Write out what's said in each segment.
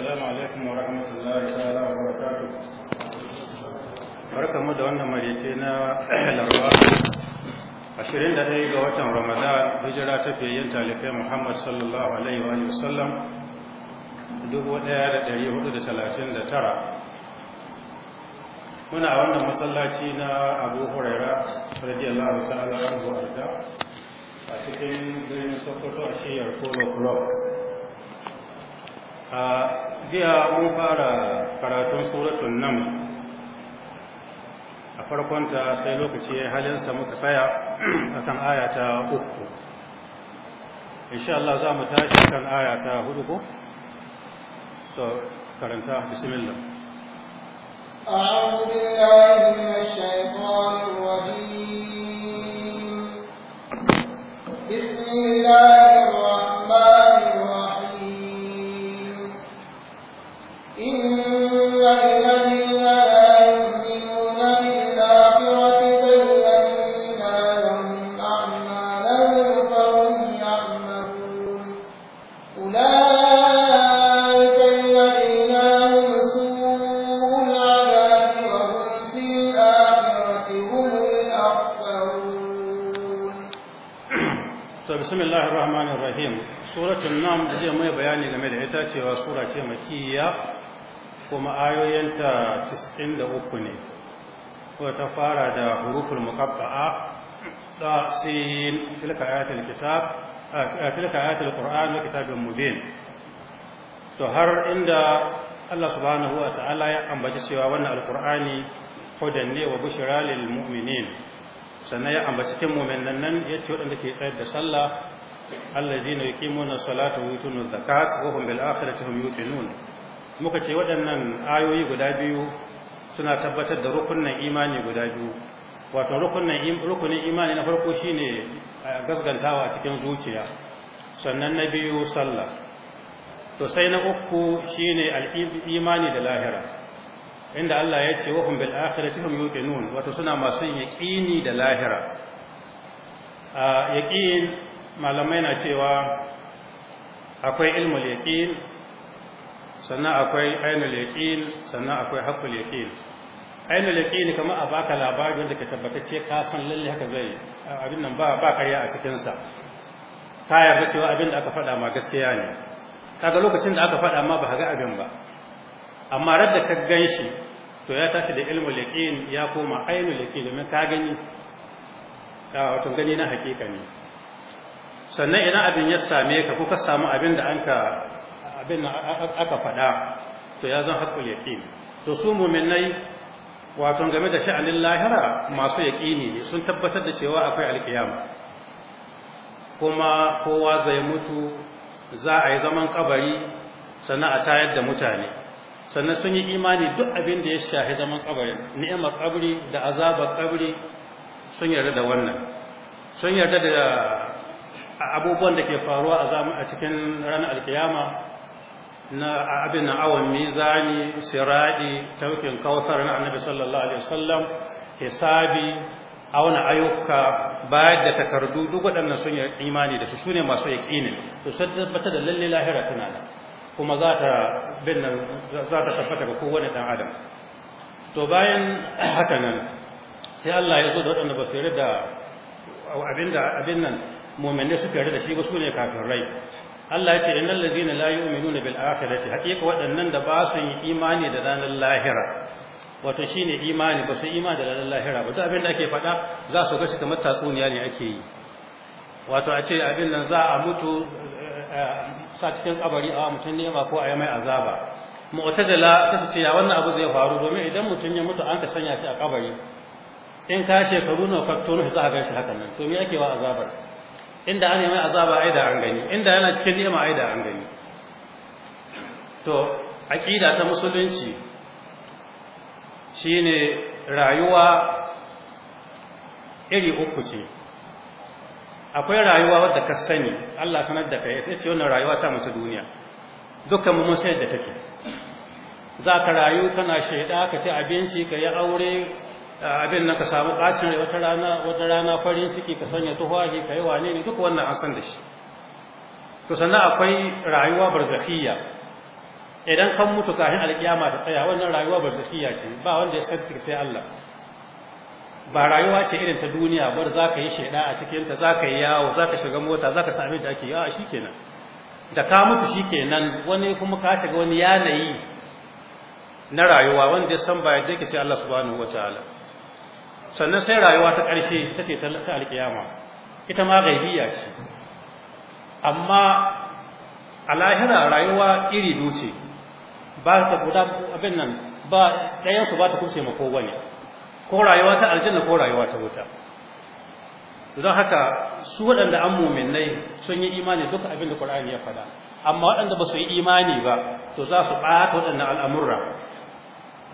السلام عليكم ورحمة الله تعالى وبركاته barka mu da wannan marece na larwa ɗaya ga watan ramadan hijira ta yin talifai muhammad sallallahu alaihi wa sallam dubu ɗaya da da da hudu talatin tara. muna wannan masallaci na abu huraira radiyallahu ta'ala wa arda a cikin zirin sokoto a shiyar polo club jiya mun fara karatun suratun nan a farkonta sai lokaci ya halinsa muka tsaya akan ayata uku insha Allah za mu tashi kan ayata hudu ko to karanta bismillah أعوذ بالله من الشيطان الرجيم بسم suratun nam zai mai bayani game da ita cewa sura ce makiyya kuma ayoyinta 93 ne wadda ta fara da hurufin muqatta'a da sin tilka ayatul kitab tilka ayatul qur'an wa mubin to har inda Allah subhanahu wa ta'ala ya ambaci cewa wannan alqur'ani hudan ne wa bushra lil mu'minin sannan ya ambaci kin mu'minan nan yace wadanda ke tsayar da sallah allazina yuqimuna salata wa yutuna zakat wa hum bil akhirati hum yuqinun muka ce waɗannan ayoyi guda biyu suna tabbatar da rukunin imani guda biyu wato rukunin rukunin imani na farko shine eh, gaskantawa a cikin zuciya sannan na biyu sallah to sai na uku shine al-imani da lahira inda Allah ya ce wa hum bil akhirati hum yuqinun wato suna masu yaqini da lahira a ah, yaqin malamai na cewa akwai ilmul yaqin sannan akwai ainul yaqin sannan akwai haqqul yaqin ainul yaqin kamar a baka labari da ka tabbatacce ka san lalle haka zai abin nan ba karya a cikinsa. sa ka yarda cewa abin da aka faɗa ma gaskiya ne kaga lokacin da aka faɗa ma ba haga ga abin ba amma radda ka ganshi to ya tashi da ilmul yaqin ya koma ainul yaqin domin ka gani wato gani na hakika ne sannan ina abin ya same ka kuka samu abin da aka faɗa to ya zan haƙƙul yaqin to su mu'minai wato game da sha'anin lahira masu yaƙini ne sun tabbatar da cewa akwai alkiyama kuma kowa zai mutu za a yi zaman kabari sannan a tayar da mutane sannan sun yi imani duk abin da ya shahi zaman kabari ni'imar kabari da azabar kabari sun yarda da wannan sun yarda da abubuwan da ke faruwa a cikin ranar alkiyama na abin na awon mizani siradi taukin kawsar na annabi sallallahu alaihi wasallam hisabi auna ayyuka bayar da takardu duk waɗannan sun yi imani da su su ne masu yaƙinin to sun tabbata da lalle lahira suna da. kuma za ta bin za ta tabbata ga kowane ɗan adam to bayan haka nan sai Allah ya zo da waɗanda ba su abin da abin nan mu'minai suka yarda da shi ba su ne kafirai Allah ya ce innal ladzina la yu'minuna bil akhirati haqiqa waɗannan da ba su yi imani da ranar lahira wato shine imani ba su imani da ranar lahira ba duk abin da ake faɗa za su shi kamar tatsuniya ne ake yi wato a ce abin nan za a mutu eh, eh, sa cikin kabari a ne ba ko a yi mai azaba mu'tazila ta ce ya wannan abu zai faru domin idan mutum ya mutu an ka sanya shi a kabari in ka shekaru nawa ka tono za a gaishe haka nan to me ake wa azabar inda an mai azaba ai da an gani inda yana cikin ni'ima ai da an gani to aqida ta musulunci shine rayuwa iri uku ce akwai rayuwa wadda ka sani Allah sanar da kai ita ce wannan rayuwa ta mutu duniya dukkan mu mun da take za ka rayu kana shaida ka ci abinci ka yi aure abin na ka samu kacin rai wata rana wata rana farin ciki ka sanya ne ka yi wane ne duk wannan an san da shi to sannan akwai rayuwa barzakhiyya idan kan mutu kafin alkiyama ta tsaya wannan rayuwa barzakhiyya ce ba wanda ya san sai Allah ba rayuwa ce irin ta duniya bar za ka yi shaida a cikin ta za ka yi yawo za ka shiga mota za ka sami da ake yawa shi kenan da ka mutu shi kenan wani kuma ka shiga wani yanayi na rayuwa wanda ya san ba yadda ke sai Allah subhanahu wa ta'ala sannan sai rayuwa ta ƙarshe ta ce ta alƙiyama ita ma gaibiya ce amma a lahira rayuwa iri duce ba ta guda abin nan ba ɗayansu ba ta kuce ma bane ko rayuwa ta aljanna ko rayuwa ta wuta don haka su waɗanda an muminai sun yi imani duka abin da ƙur'ani ya faɗa amma waɗanda ba su yi imani ba to za su ɓata waɗannan al'amurra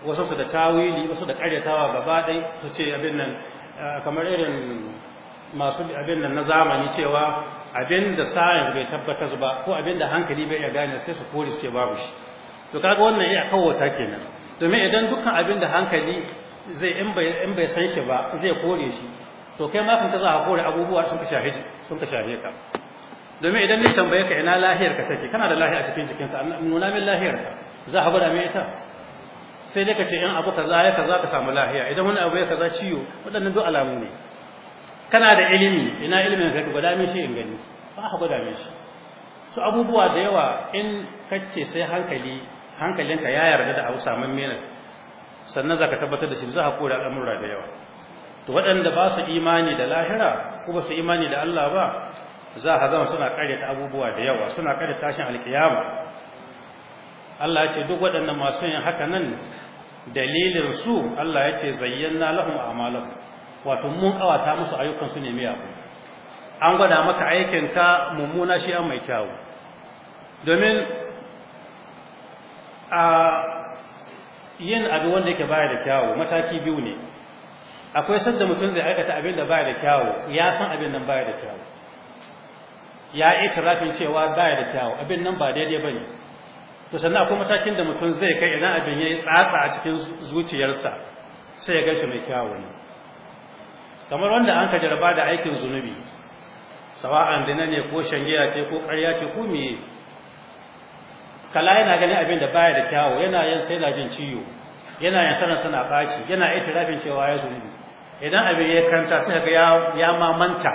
wasu su da tawili wasu da karyatawa gaba ɗai su ce abin nan kamar irin masu abin nan na zamani cewa abin da science bai tabbatar ba ko abin da hankali bai iya gane sai su kore su ce babu shi to kaga wannan iya kawata kenan domin idan dukkan abin da hankali zai in bai in bai san shi ba zai kore shi to kai ma kun ta za ka kore abubuwa sun ka shafe sun ka shafe ka domin idan ni tambaye ka ina lahiyar ka take kana da lahiya a cikin jikinka nuna min lahiyar ka za ka gwada min ita sai dai ka ce in abu kaza ya kaza ka samu lahiya idan wani abu ya kaza ciwo waɗannan duk alamu ne kana da ilimi ina ilimin ka guda min shi in gani ba ka guda min shi so abubuwa da yawa in kace sai hankali hankalinka ya yarda da abu samun mena sannan zaka tabbatar da shi za ka kore al'amura da yawa to waɗanda ba su imani da lahira ko ba su imani da Allah ba za ka zama suna karyata abubuwa da yawa suna karyata tashin alkiyama Allah ya ce duk waɗannan masu yin haka nan dalilin su Allah ya ce zayyana lahum a'malahum wato mun kawata musu ayyukan su ne miyagu an gwada maka aikin ka mummuna shi an mai kyawu domin a yin abu wanda yake baya da kyawu mataki biyu ne akwai sadda mutum zai aikata abin da baya da kyawu ya san abin nan baya da kyawu ya itirafin cewa baya da kyawu abin nan ba daidai bane to sannan akwai matakin da mutum zai kai idan abin ya yi tsatsa a cikin zuciyarsa sai ya gashi mai kyawun. ne kamar wanda an ka jarba da aikin zunubi sawa'an dina ne ko shangiya ce ko ƙarya ce ko meye kala yana gani abin da baya da kyawu yana yin sai da jin ciwo yana yin sanar sana baci yana itirafin cewa ya zunubi idan abin ya kanta sai ga ya mamanta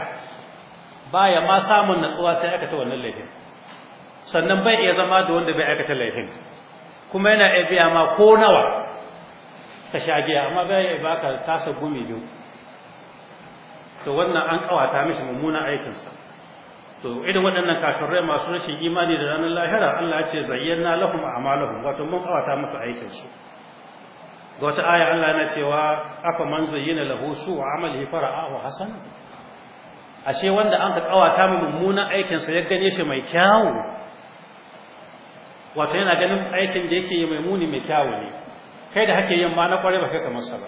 baya ma samun natsuwa sai aka ta wannan laifin sannan bai iya zama da wanda bai aikata laifin kuma yana iya biya ma ko nawa ka sha giya amma bai iya baka tasa gumi biyu to wannan an kawata mishi mummuna aikinsa to irin waɗannan kafirai masu rashin imani da ranar lahira Allah ya ce zayyana lahum a'maluhum wato mun kawata musu aikinsu ga wata aya Allah yana cewa afa man zayyana lahu su'a amalihi fara'ahu hasana ashe wanda an ka kawata mu mummunan aikinsa ya gane shi mai kyawu wato yana ganin aikin da yake yi mai muni mai kyawu ne kai da hake yin ma na kwarai kai kamar sa ba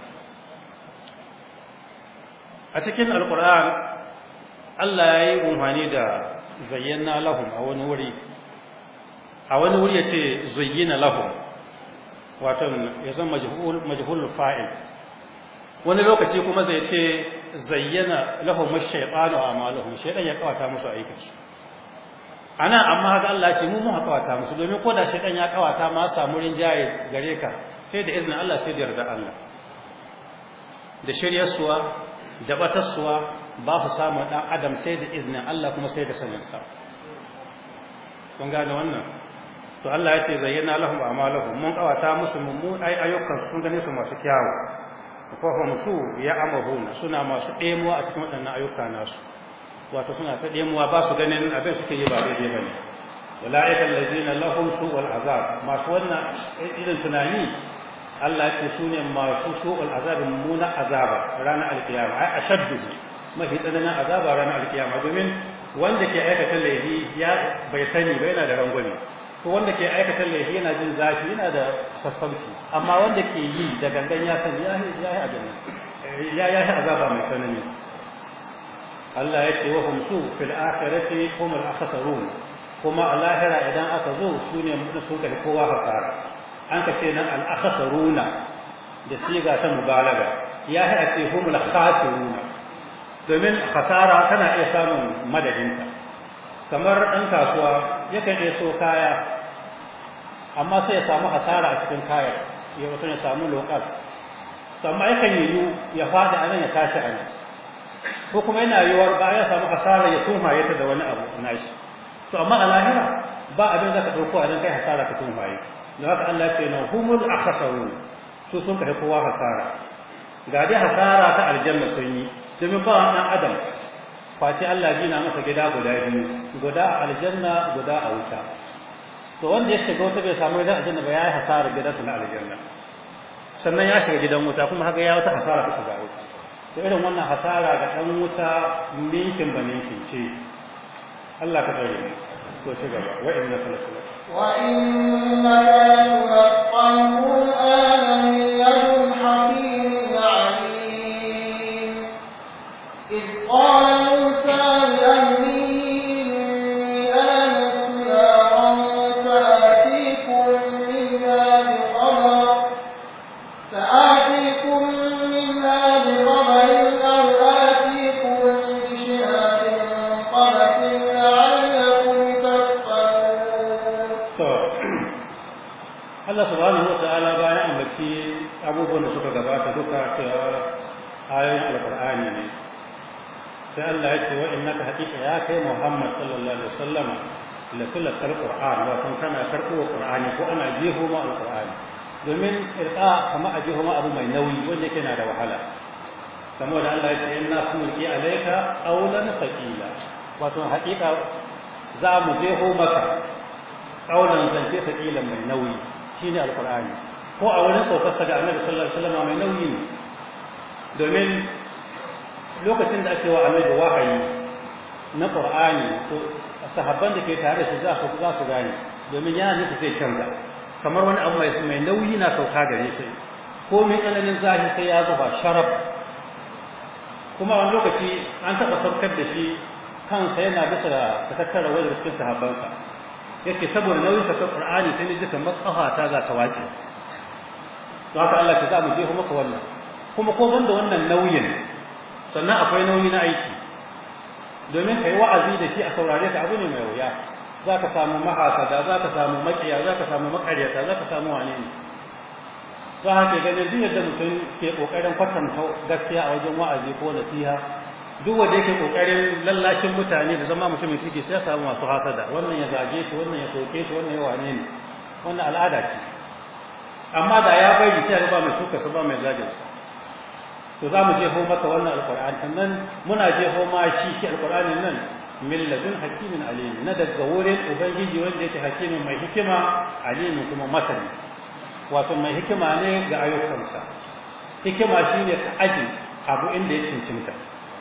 a cikin Alƙur'an Allah ya yi umhani da zayyana lahum a wani wuri a wani wuri yace zayyana lahum wato ya zama majhul fa'il wani lokaci kuma zai ce zayyana lahum ash-shaytanu a'maluhum ya kawata musu aikinsu ana amma haka Allah ce mu mu kawata musu domin ko da shaytan ya kawata ma samu jaye gare ka sai da izinin Allah sai da yarda Allah da suwa da suwa ba ku samu dan adam sai da iznin Allah kuma sai da saninsa kun gane wannan to Allah ya ce zayyana lahum a'maluhum mun kawata musu mu ai ayyukan sun gane su masu kyawu ko hum su ya amahu suna masu demo a cikin waɗannan ayyuka nasu wato suna ta ɗemuwa ba su ganin abin suke yi ba daidai ba ne ula'ikan lazina lahum su'ul azab masu wannan irin tunani Allah ce su ne masu su'ul azabin muna azaba ranar alkiyama ai ashaddu mafi tsananin azaba ranar alkiyama domin wanda ke aikata laifi ya bai sani ba yana da rangwame ko wanda ke aikata laifi yana jin zafi yana da sassauci amma wanda ke yi da gangan ya sani ya yi eh, azaba mai tsanani Allah ya ce wa Hamsu su fil akhirati hum al akhsarun kuma a lahira idan aka zo su ne mutum sun kai kowa hasara an ka ce nan al akhsaruna da siga ta mubalaga ya haɗa ce hum al khasiruna domin hasara tana iya samun madadinta kamar ɗan kasuwa yakan iya so kaya amma sai ya samu hasara a cikin kayan ya mutum ya samu lokas amma yakan ya faɗi a nan ya tashi a nan ko kuma yana yiwuwar ba ya samu asara ya tuhuma ya da wani abu na shi. to amma a lahira ba abin da ka dauko a nan kai hasara ka tuhuma yi da haka Allah ya ce na humul akhsaru su sun kai kowa hasara ga dai hasara ta aljanna sun yi domin ba dan adam face Allah gina masa gida guda biyu guda a aljanna guda a wuta to wanda ya shiga wuta bai samu gidan aljanna ba ya yi hasara gidan na aljanna sannan ya shiga gidan wuta kuma haka ya wata hasara ta shiga wuta to irin wannan hasara ga ɗan wuta ninkin ba ninkin ce Allah ka tsare so ci gaba wa in na lafi wa na ka lafi al-qur'ana yaro Allah subhanahu wa ta'ala bayan ambaci abubuwan da suka gabata duka cewa ayoyin alqur'ani ne sai Allah ya ce wa innaka haqiqa ya kai Muhammad sallallahu alaihi wasallam la kullu alqur'an wa kun kana karɓo alqur'ani ko ana jeho ma alqur'ani domin irqa kama a jeho ma abu mai nauyi wanda yake na da wahala kamar da Allah ya ce inna kunti alayka qawlan thaqila wato haqiqa za mu jeho maka qawlan zance thaqilan mai nauyi ne alkur'ani ko a wani saukarsa ga annabi sallallahu alaihi mai nauyi ne domin lokacin da ake wa annabi wahayi na ƙur'ani a sahabban da ke tare da su za su gane domin yana su zai canza kamar wani abu mai mai nauyi na sauka gare shi ko mai tsananin zahi sai ya zuba sharaf kuma wani lokaci an taɓa saukar da shi kansa yana bisa da takakkar wajen cikin sahabbansa yace saboda nauyin sakar qur'ani sai ne jikan makafa ta ga wace, to haka Allah ya za mu je maka wannan kuma ko banda wannan nauyin sannan akwai nauyi na aiki domin kai wa'azi da shi a saurare ka abu ne mai wuya zaka samu mahasada zaka samu makiya zaka samu makariyata zaka samu wane ne za ka ga ne duk yadda mutum ke kokarin kwatanta gaskiya a wajen wa'azi ko nasiha duk wanda yake kokarin lallashin mutane da zama mutumin shi ke sai samu masu hasada wannan ya zage shi wannan ya soke shi wannan ya wane ne wannan al'ada ce amma da ya bai sai ba mai suka ba mai zage shi to za mu jefo mata wannan alqur'ani sannan muna je ma shi shi alqur'anin nan milladun hakimin alim na daga wurin ubangiji wanda yake hakimin mai hikima alimin kuma masani wato mai hikima ne ga ayyukansa hikima shine ka aji abu inda ya cincinta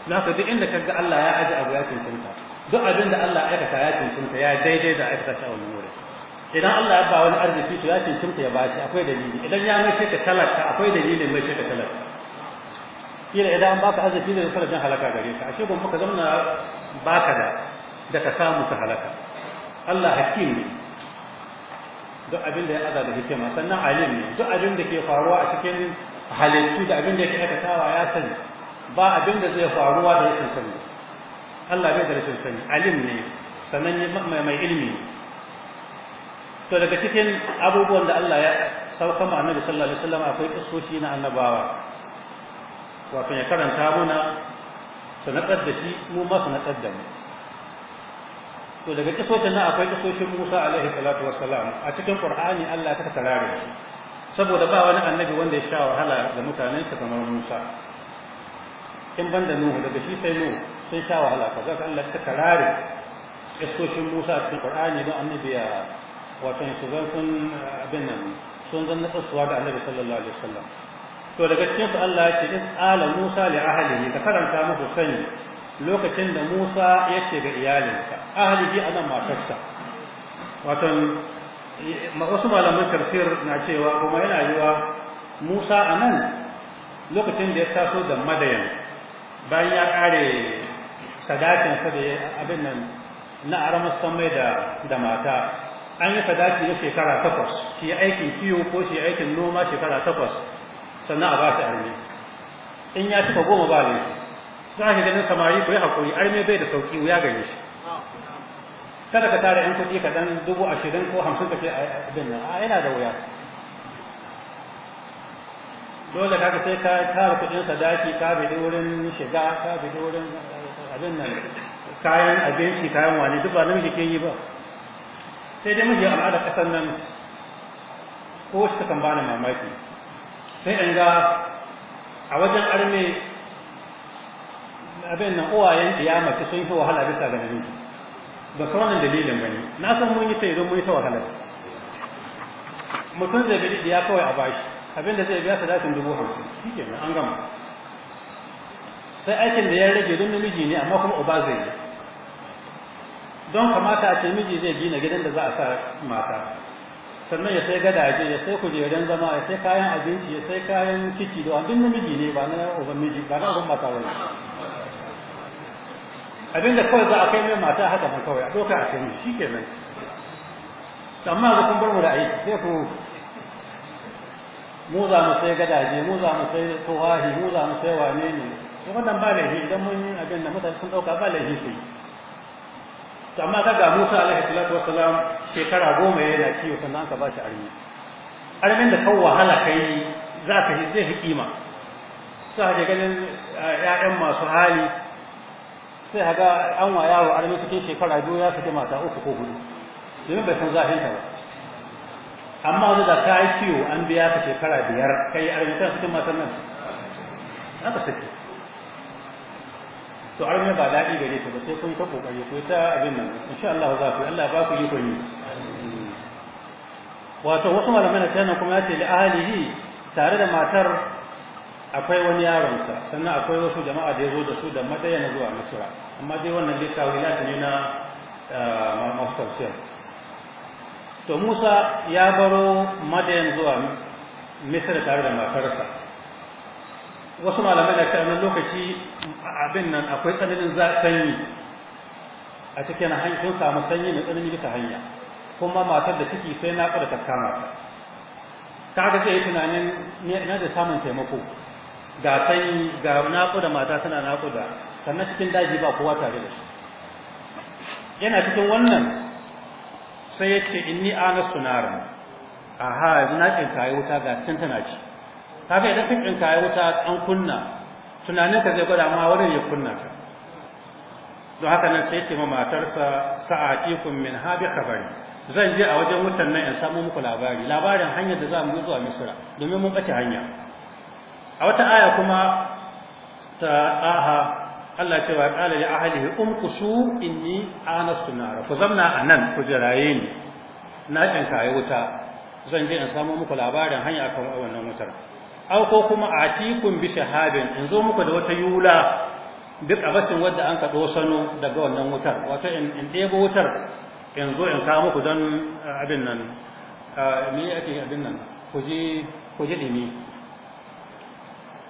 na ka duk inda kaga Allah ya aji abu ya cancanta duk abin da Allah aikata ya cancanta ya daidai da aikata shi a wani wuri idan Allah ya ba wani arziki to ya cancanta ya bashi akwai dalili idan ya mai shi ka talaka akwai dalilin mai shi ka talaka kila idan an baka arziki da sanadin halaka gare ka ashe gon baka zamana baka da da ka samu ka halaka Allah hakim ne duk abin da ya aza da hikima sannan alim ne duk abin da ke faruwa a cikin halittu da abin da yake aikatawa ya sani ba abin da zai faruwa da rashin sani Allah bai da rashin sani alim ne sannan mai ilimi to daga cikin abubuwan da Allah ya sauka ma Annabi sallallahu alaihi wasallam akwai kissoshi na annabawa wato ya karanta muna sanatar da shi mu ma sanatar da mu to daga kisoshin na akwai kisoshin Musa alaihi salatu wassalam a cikin Qur'ani Allah ya taka tarare shi saboda ba wani annabi wanda ya sha wahala ga mutanen sa kamar Musa Kin ban da nuhu daga shi sai nuhu Sun sha wahala ka ga Allah ta karare iskoshin Musa cikin Qur'ani don annabi ya wato su zan sun abin nan sun zan nasasuwa da annabi sallallahu alaihi wasallam to daga cikin su Allah ya ce ala Musa li ahlihi ka karanta musu sani lokacin da Musa ya ce ga iyalinsa bi anan matarsa wato wasu malamai tafsir na cewa kuma yana yiwa Musa anan lokacin da ya taso da madayan bayan ya kare sadakinsa sa da abin nan na aramus mai da da mata an yi sadaki na shekara takwas shi aikin kiwo ko shi aikin noma shekara takwas sannan a ba ta arme in ya tuka goma ba ne za ka ganin samari ko ya hakuri arme bai da sauki wuya gare shi kada ka tara yan kuɗi kaɗan dubu ashirin ko hamsin ka ce a abin nan yana da wuya dole kaka sai ka tara kudin sadaki ka bi wurin shiga ka bi wurin abin nan kayan abinci kayan wani duk ba shi ke yi ba sai dai miji al'ada kasan nan ko shi kan bani mamaki sai in ga a wajen arme abin nan uwayen kiyama ce sun fi wahala bisa ga nan ba sauran dalilin ba ne na san mun yi sai don mun yi ta wahala mutum zai bi ya kawai a bashi abin da zai biya salatin dubu hamsin shi kenan an gama sai aikin da ya rage don namiji ne amma kuma uba zai yi don kamata a ce miji zai gina gidan da za a sa mata sannan ya sai gadaje ya sai kujerun zama ya sai kayan abinci ya sai kayan kici da abin namiji ne ba na uban miji ba na uban mata wani abin da kawai za a kai mai mata haka ba kawai a doka a kai shi ke nan amma da kun bar mu da aiki sai ku mu za mu sai gadaje mu za mu sai tsohahi mu za mu sai wane ne wannan ba laifi idan mun yi abin da mutane sun dauka ba laifi sai to amma kaga Musa alaihi salatu wassalam shekara goma yana ciwo sannan aka ba shi armi armin da kan wahala kai za ka yi zai fi kima sai ga ganin ƴaƴan masu hali sai ga an wa yaro armi cikin shekara biyu ya saki mata uku ko hudu domin bai san zafinta ba amma wani da ta yi ciwo an biya ta shekara biyar kai a rubuta su kuma sannan na ka sake to arme ba daɗi gare shi ba sai kun ta kokari ko ta abin nan insha Allah za ku Allah ba ku yi kun wato wasu malamai na tana kuma yace li ahlihi tare da matar akwai wani yaron sa sannan akwai wasu jama'a da yazo da su da na zuwa Misra amma dai wannan dai tawilat ne na eh, mafsarciyar to Musa ya baro Madayan zuwa Misir tare da matarsa wasu malamai na cewa lokaci abin nan akwai tsananin sanyi a cikin hanyar sun samu sanyi mai tsanani bisa hanya kuma matar da ciki sai na kada ta kama ta ga zai tunanin ne ina da samun taimako ga sanyi ga naƙuda mata tana naƙuda sannan cikin daji ba kowa tare da shi yana cikin wannan sai ya ce inni ana sunarin a yanzu na tsinkaye wuta ga cikin tana ci fi idan ka tsinkaye wuta an kunna tunanin ka zai gwada ma wurin ya kunna ta don haka nan sai ce ma matarsa sa'atikum min habi khabari zan je a wajen wutan nan in samu muku labari labarin hanyar da za mu zuwa misra domin mun bace hanya a wata aya kuma ta aha Allah ce wa qala li ahlihi umkusu inni anastu nar ku zamna anan ku jiraye ni na tinka ya wuta zan je in samu muku labarin hanya kan wannan wutar Auko kuma a atikum bi shahabin in zo muku da wata yula duk a abasin wadda an ka dosano daga wannan wutar wato in ɗebo wutar in zo in kawo muku don abin nan me abin nan ku je ku je dimi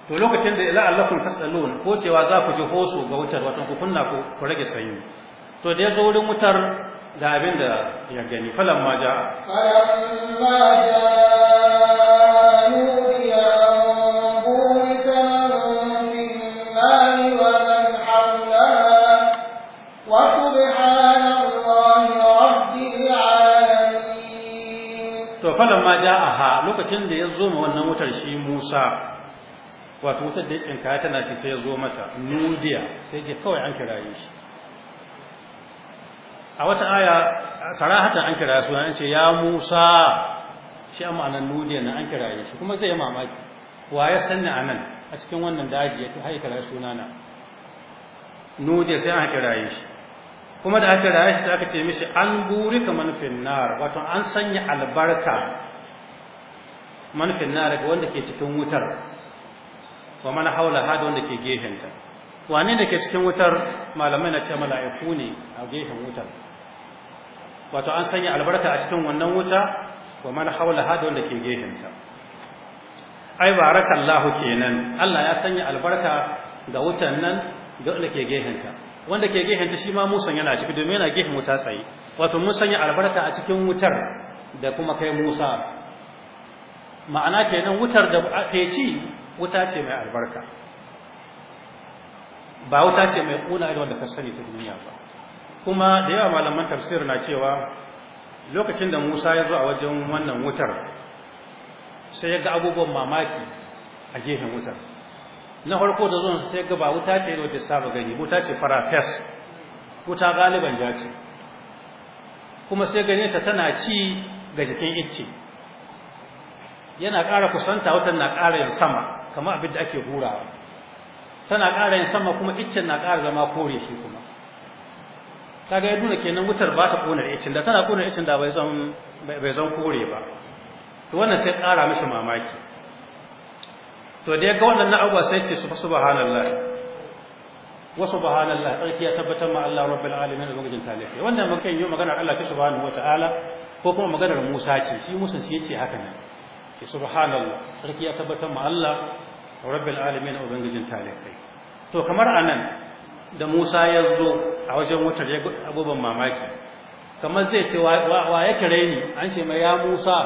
to lokacin da la'allakum tasalun ko cewa za ku ji hoso ga wutar wato ku kunna ku ku rage sanyi to da ya zo wurin wutar da abin da ya gani falan ma ja falamma ja'a nudiya to falan ma ja'aha lokacin da ya zo ma wannan wutar shi Musa wato wutar da ya tsinka tana shi sai ya zo mata nudiya sai ce kawai an kira yi shi a wata aya sarahatan an kira suna an ce ya musa shi a ma'anar nudiya na an kira yi shi kuma zai yi mamaki wa ya sanni a nan a cikin wannan daji ya haika kiraye suna na nudiya sai an kira yi shi kuma da aka rayu shi sai aka ce mishi an buri ka manufin nar wato an sanya albarka manufin nar wanda ke cikin wutar wa mana haulaha da wanda ke gefenta wane da ke cikin wutar malamai na ce mala'iku ne a gefen wutar wato an sanya albarka a cikin wannan wuta wa mana haulaha da wanda ke gefenta ai barakallahu kenan Allah ya sanya albarka ga wutan nan ga wanda ke gefenta wanda ke gefenta shi ma Musa yana ciki domin yana gefen wuta tsaye wato mun sanya albarka a cikin wutar da kuma kai Musa ma'ana kenan wutar da ake ci wuta ce mai albarka ba wuta ce mai kuna irin wanda ka sani ta duniya ba kuma da yawa malaman tafsir na cewa lokacin da Musa ya zo a wajen wannan wutar sai ya ga abubuwan mamaki a gefen wutar na farko da zuwan sai ga ba wuta ce da saba gani wuta ce fara wuta galiban ya ce kuma sai gane ta tana ci ga jikin icce yana ƙara kusanta wutan na ƙara yin sama Kama abin da ake hurawa tana ƙara yin sama kuma iccen na ƙara zama kore shi kuma Ta ga ya nuna kenan wutar ba ta kona iccen da tana kona iccen da bai zan kore ba to wannan sai ƙara mishi mamaki to da ya ga wannan abubuwa sai ce su subhanallah wa subhanallah tsarki ya tabbatar ma Allah rabbil alamin da magajin talifi wannan mun kan yi maganar Allah subhanahu wataala ko kuma maganar Musa ce shi Musa shi ce haka ne ce subhanallah sarki ya tabbatar ma Allah rabbil alamin ubangijin talikai to kamar anan da Musa ya zo a wajen wutar ya abubban mamaki kamar zai ce wa ya kira ni an ce mai ya Musa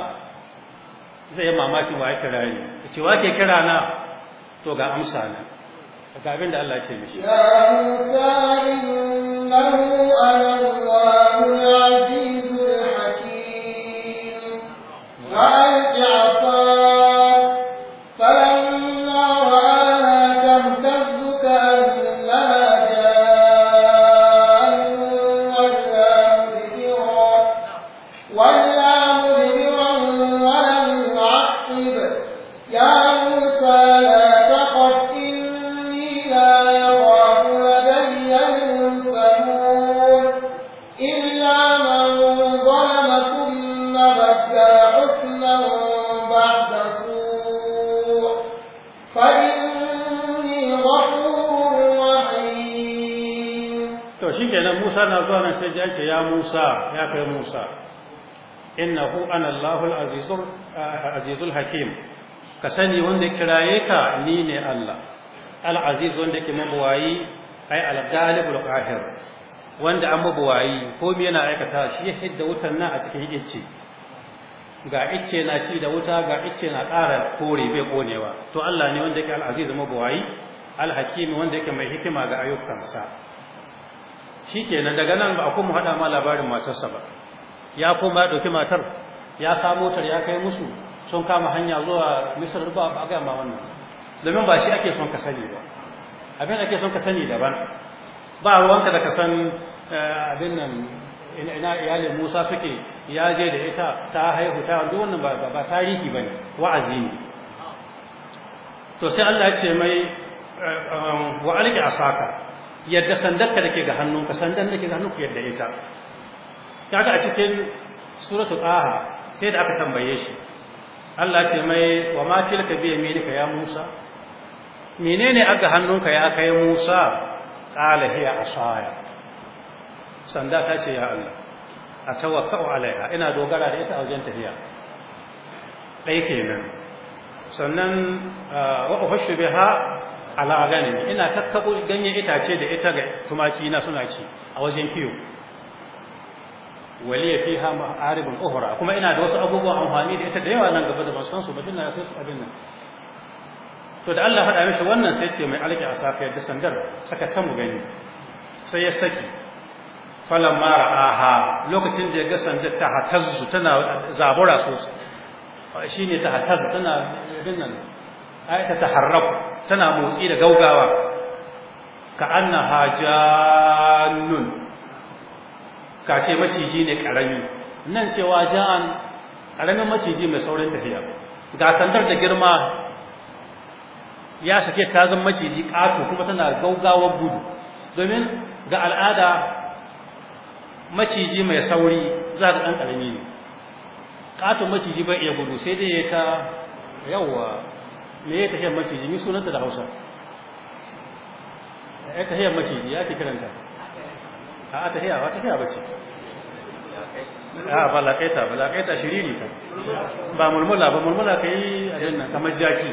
zai yi mamaki wa ya kira ni ya ce wa ke kira na to ga amsa na ga abin da Allah ce mishi ya Musa innahu alallahu kenan Musa na zuwa nan sai ya ce ya Musa ya kai Musa innahu ana al-azizur eh, azizul hakim ka sani wanda kiraye ka ni ne Allah al-aziz wanda ke mabuwayi ai al-galibul qahir wanda an mabuwayi ko yana aikata shi ya hidda wutan nan a cikin icce ga icce na ci da wuta ga icce na ƙara kore bai konewa to Allah ne wanda yake al-aziz mabuwayi al-hakim wanda yake mai hikima ga ayyukansa shi shikenan daga nan ba a kuma hada ma labarin matarsa ba ya koma ya dauki matar ya samu motar ya kai musu sun kama hanya zuwa misir ba a ga ma wannan domin ba shi ake son ka sani ba abin ake son ka sani daban ba ruwanka da ka san eh, abin nan ina iyalin Musa suke ya je da ita ta haihu ta wanda wannan ba ba tarihi ne wa'azi ne to sai Allah ya ce mai eh, um, wa asaka yadda sandarka da ke ga hannunka sandan da ke ga hannunka yadda ita kaga a cikin suratul aha sai da aka tambaye shi Allah ce mai wa ma tilka bi ka ya Musa menene aka hannunka ya kai Musa qala hiya asaya sanda ta ce ya Allah atawakkau alaiha ina dogara da ita a wajen tafiya dai kenan sannan wa biha ala ganin ina kakkabo ganyen itace da ita ga tumaki na suna ci a wajen kiyo waliya fiha ma'aribun uhra kuma ina da wasu abubuwan amfani da ita da yawa nan gaba da ban san su ba dinna sai su abin nan to da Allah faɗa mishi wannan sai ce mai alƙi a safiyar da sandar saka ta mu gani sai ya saki falan mara aha lokacin da ya ga sandar ta hatazzu tana zabura sosai shine ta hatazzu tana abin ay ta taharraku tana motsi da gaugawa ka anna Hajanun ka ce maciji ne karami nan cewa ja'an karamin maciji mai saurin tafiya ga sandar da girma ya sake zama maciji kato kuma tana gaugawa gudu domin ga al'ada maciji mai sauri za ka ɗan ƙarami ne katon maciji bai iya gudu sai dai ya ta yawa me ya tahiyar maciji mi sunanta da hausa ya tahiyar maciji ya ke kiranta a tahiya ba tahiya ba ce a balakaita balakaita shiriri ta ba mulmula ba mulmula ka yi a janna kamar jaki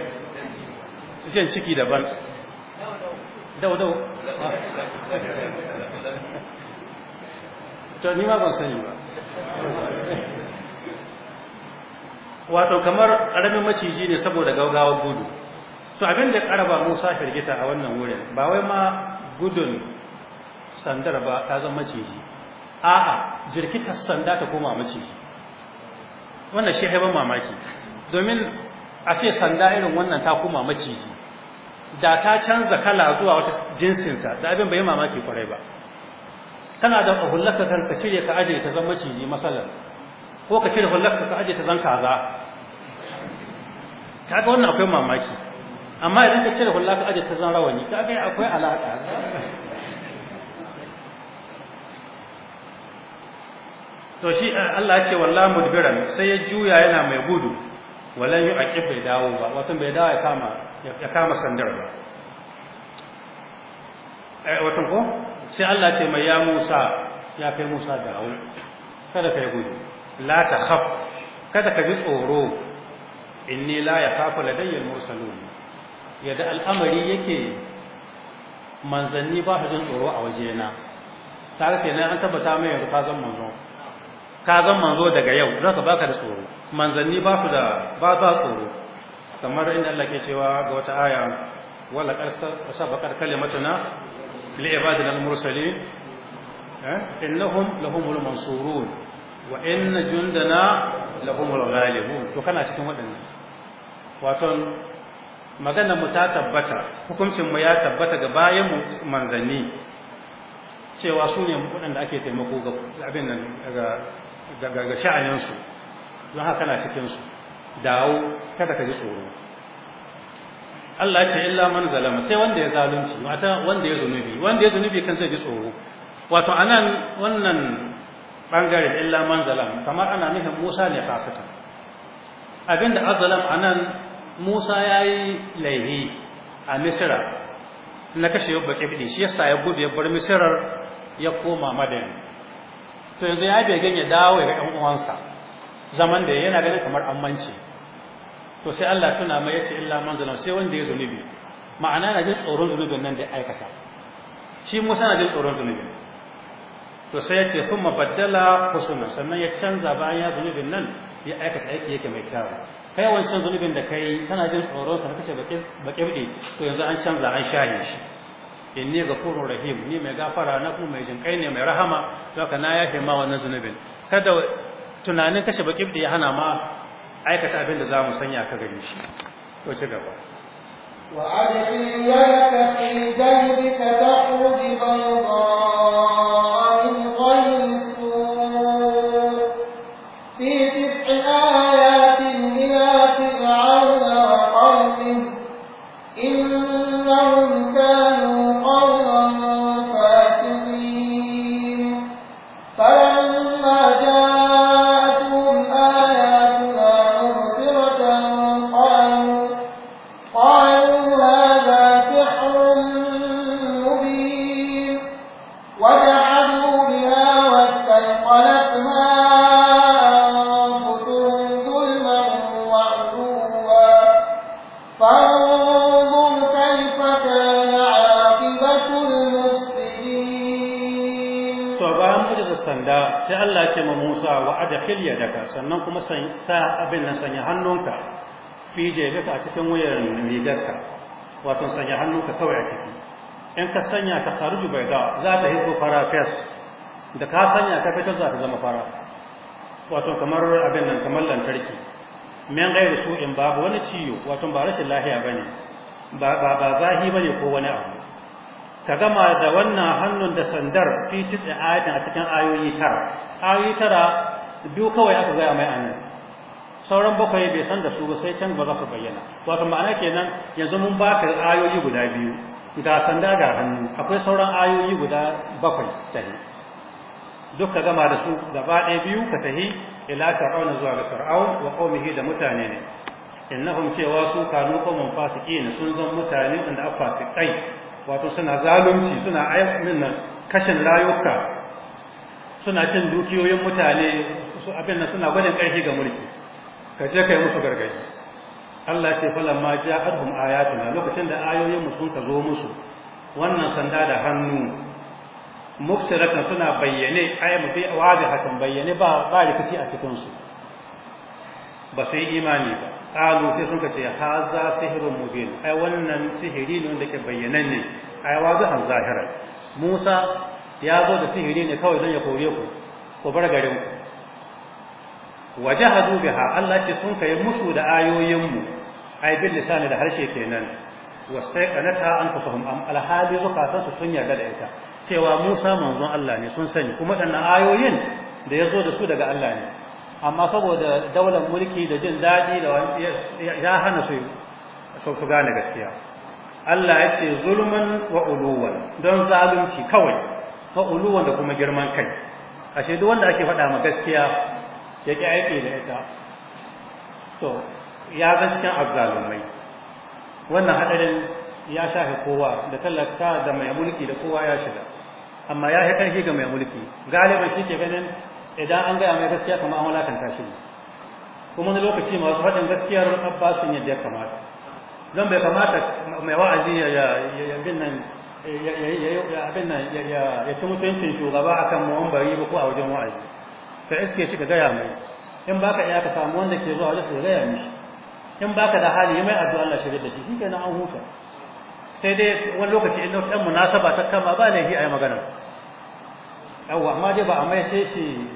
jan ciki daban dau dau to ni ma ban sani ba wato kamar karamin maciji ne saboda gaugawar gudu to abin da karaba Musa firgita a wannan wurin ba wai ma gudun sandar ba ta zama maciji a'a jirkitar sanda ta koma maciji wannan shi haifar mamaki domin a ce sanda irin wannan ta koma maciji da ta canza kala zuwa wata jinsinta da abin bai mamaki kwarai ba kana da hulaka kan ka shirya ka ajiye ta zama maciji masalan ko ka cire hullar ka aje ta zan kaza ga wannan akwai mamaki amma idan ka cire hullar ka aje ta zan rawani ga akwai alaka to shi eh, Allah ya ce wallahi mudbiran sai ya juya yana mai gudu walan yu'aqib bai dawo ba wato bai dawo ya kama ya kama sandar ba eh wato ko sai Allah ya ce mai ya Musa ya kai Musa dawo kada ka yi gudu la takhaf kada ka ji tsoro inni la yakhafu ladayya al-mursalun yadda al'amari yake manzanni ba su jin tsoro a wajena tare kenan an tabbata mai yanzu ka zan manzo ka zan manzo daga yau za zaka baka da tsoro manzanni ba su da ba ba tsoro kamar inda Allah ke cewa ga wata aya wala qad sabaqat kalimatuna li ibadina al-mursalin eh? innahum lahumul mansurun wa inna jundana lahumul ghalibun to kana cikin waɗannan wato maganar mu ta tabbata hukuncin mu ya tabbata ga bayan mu manzanni cewa su ne waɗanda ake taimako ga abin nan ga ga sha'anin su don haka kana cikin su dawo kada ka ji tsoro Allah ce illa man zalama sai wanda ya zalunci wata wanda ya zunubi wanda ya zunubi kan sai ji tsoro wato anan wannan bangaren illa man zalam kamar ana nufin Musa ne fasika abinda azalam anan Musa yi laihi a misira na kashe yabba kibdi shi yasa ya gobe bar misirar ya koma Madina to yanzu ya bai ganye dawo ya ga ɗan uwansa zaman da yana ganin kamar ammanci to sai Allah tuna mai yace illa man zalam sai wanda ya zunubi ma'ana na jin tsoron zunubin nan da aikata shi Musa na jin tsoron zunubin to sai ya ce kuma baddala husna sannan ya canza bayan ya zunubin nan ya aikata aiki yake mai kyau kai wancan zunubin da kai kana jin tsoro sa kace baƙi to yanzu an canza an shaye shi inni ghafurur rahim ni mai gafara na kuma mai jinkai ne mai rahama haka na yafe ma wannan zunubin kada tunanin kashe baƙi ya hana ma aikata abin da zamu sanya ka gare shi to ci gaba وأدخل يدك في جيبك تخرج بيضاء sannan kuma sa abin nan sanya hannunka fi jebeka a cikin wuyar rigarka wato sanya hannunka kawai a ciki in ka sanya ka bai da za ta hito fara fes da ka sanya ka fitar za ta zama fara wato kamar abin nan kamar lantarki men da su in babu wani ciwo wato ba rashin lahiya bane ba ba ba zahi ne ko wani abu ka gama da wannan hannun da sandar fi tida ayatin a cikin ayoyi tara ayoyi tara biyu kawai aka gaya mai annan. sauran bakwai bai san da su ba sai can ba za su bayyana wato ma'ana kenan yanzu mun baka ayoyi guda biyu ga sanda ga hannu akwai sauran ayoyi guda bakwai tare. duk ka gama da su gaba ɗaya biyu ka tahi ila fir'auna zuwa ga fir'aun wa qaumihi da mutane ne innahum cewa su kanu qaumun fasiqin sun zan mutane inda afasikai wato suna zalunci suna ayyukan nan kashin rayuka suna cin dukiyoyin mutane su abin nan suna gwanin ƙarfi ga mulki ka je kai musu gargadi Allah ce falan ma ja'adhum ayatuna lokacin da ayoyin mu sun zo musu wannan sanda da hannu mufsiratan suna bayyane ayi mu bai wazi hakan bayyane ba ba rikici a cikin su ba sai imani ba qalu sai sun ce haza sihrun mubin ai wannan sihiri ne wanda ke ne ai wazi han zahira Musa ya zo da sihiri ne kawai don ya kore ku ku bar garin ku wajahadu biha Allah ce sun kai musu da ayoyin mu ai bil lisani da harshe kenan an anfusuhum am alhali zukatan su sun yarda da ita cewa Musa manzon Allah ne sun sani kuma dan ayoyin da yazo da su daga Allah ne amma saboda daular mulki da jin dadi da ya hana su so su gane gaskiya Allah ya ce zulman wa uluwan don zalunci kawai fa'uluwan da kuma girman kai a shaidu wanda ake faɗa ma gaskiya ya ƙi aiki da ita to ya gaskiyan abzalumai wannan haɗarin ya shafi kowa da tallata da mai mulki da kowa ya shiga amma ya haifar ga mai mulki galiban shi ke ganin idan an gaya mai gaskiya kamar an walakanta shi kuma wani lokaci masu faɗin gaskiyar abbasin yadda ya kamata don bai kamata mai wa'azi ya bin nan abin nan ya ci mutuncin shugaba akan mu'ambari ba ko a wajen wa'azi ka iske shi ka gaya mai in baka iya ka samu wanda ke zuwa wajen su gaya mishi in baka da hali mai addu'a Allah shirye da shi shi kenan an huta sai dai wani lokaci in lokacin munasaba ta kama ba laifi a yi magana yawwa amma dai ba a mai sai shi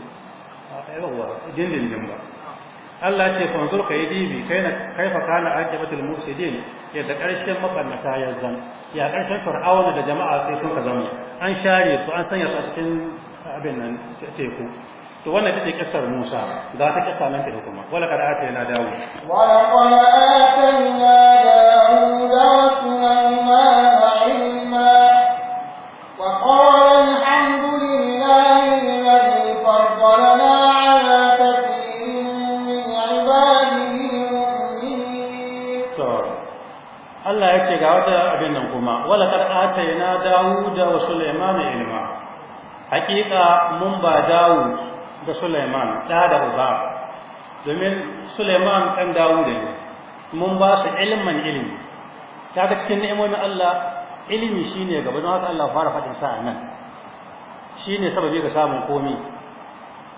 yawwa dindindin ba Allah ce fanzur ka yi dibi kai na kaifa kana aqibatul mufsidin yadda karshen mabannata ya zan ya karshen fir'auna da jama'a sai sun ka zama an share su an sanya su a cikin abin nan teku to wannan take kisar Musa ga ta kisa nan ta kuma wala kada ta yana dawo qala dawo da ce ga wata abin nan kuma wala kad ataina dawuda wa sulaiman ilma hakika mun ba dawud da sulaiman da da uba domin sulaiman kan dawuda ne mun ba su ilman ilmi kaga cikin ni'imomi Allah ilimi shine gaba don haka Allah fara fadin sa nan shine sababi ga samun komi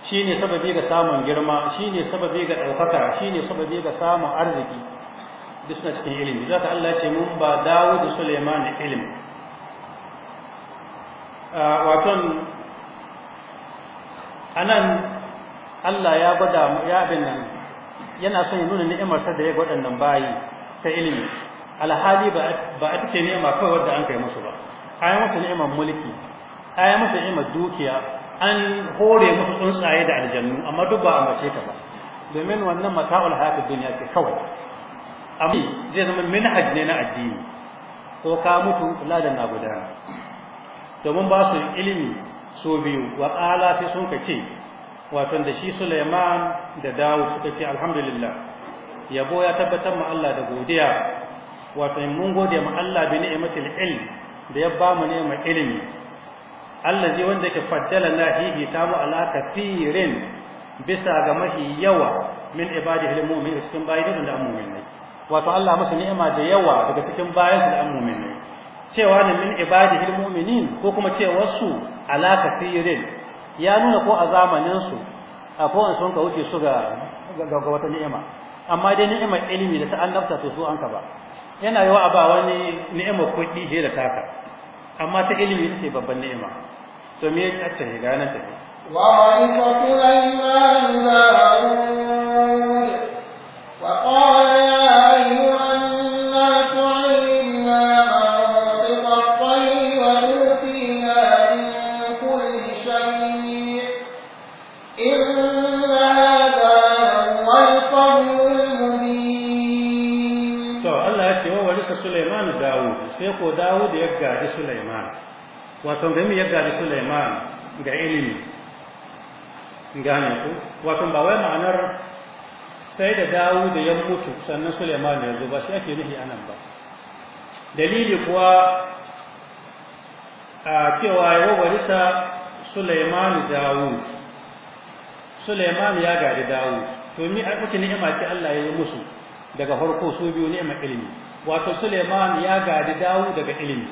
shine sababi ga samun girma shine sababi ga daukaka shine sababi ga samun arziki duk suna cikin ilimi za ta Allah ce mun ba dawo da suleiman ilimi waton anan Allah ya gwada ya abin nan yana son ya nuna sa da ya gwada nan bayi ta ilimi alhali ba a ce ni'ima kawai wadda an kai musu ba a yi ni'imar mulki a yi ni'imar dukiya an hore musu tsuntsaye da aljannu amma duk ba a mace ta ba domin wannan mata'ul hayatid duniya ce kawai amma zai zama minhaj ne na addini ko ka mutu da na gudana domin ba su ilimi so biyu wa qala fi sun ka ce wato da shi Sulaiman da Dawud suka ce alhamdulillah yabo ya tabbatar ma Allah da godiya wato mun gode ma Allah bi ni'matil ilm da ya ba mu ni'mar ilimi allah zai wanda yake faddala nahihi tamu ala kafirin bisa ga mahi yawa min ibadihi almu'min cikin bayyana da mu'minai wato Allah masa ni'ima da yawa daga cikin bayan da almu'mini cewa ne min ibadihil mu'minin ko kuma cewa su ala firin ya nuna ko a zamanin su akwai sun ka wuce su ga ga wata ni'ima amma dai ni'imar ilimi da ta annabta to su an ka ba yana yawa ba wani ni'imar kuɗi shi da taka amma ta ilimi ce babban ni'ima to me ya ta higa nan ta wa ma'isa sulaiman da wa qala Sulaiman Dawud sai ko Dawud ya gaji Sulaiman wato ga ya gaji Sulaiman ga ilimi gane ku wato ba wai ma'anar sai da Dawud ya mutu sannan Sulaiman ya zo ba shi ake nufi anan ba dalili kuwa a cewa ya warisa Sulaiman Dawud Sulaiman ya gaji Dawud to ni a kuce ni'ima ce Allah ya yi musu daga farko su biyu ni'imar ilimi wato Suleiman ya gadi dawo daga ilimi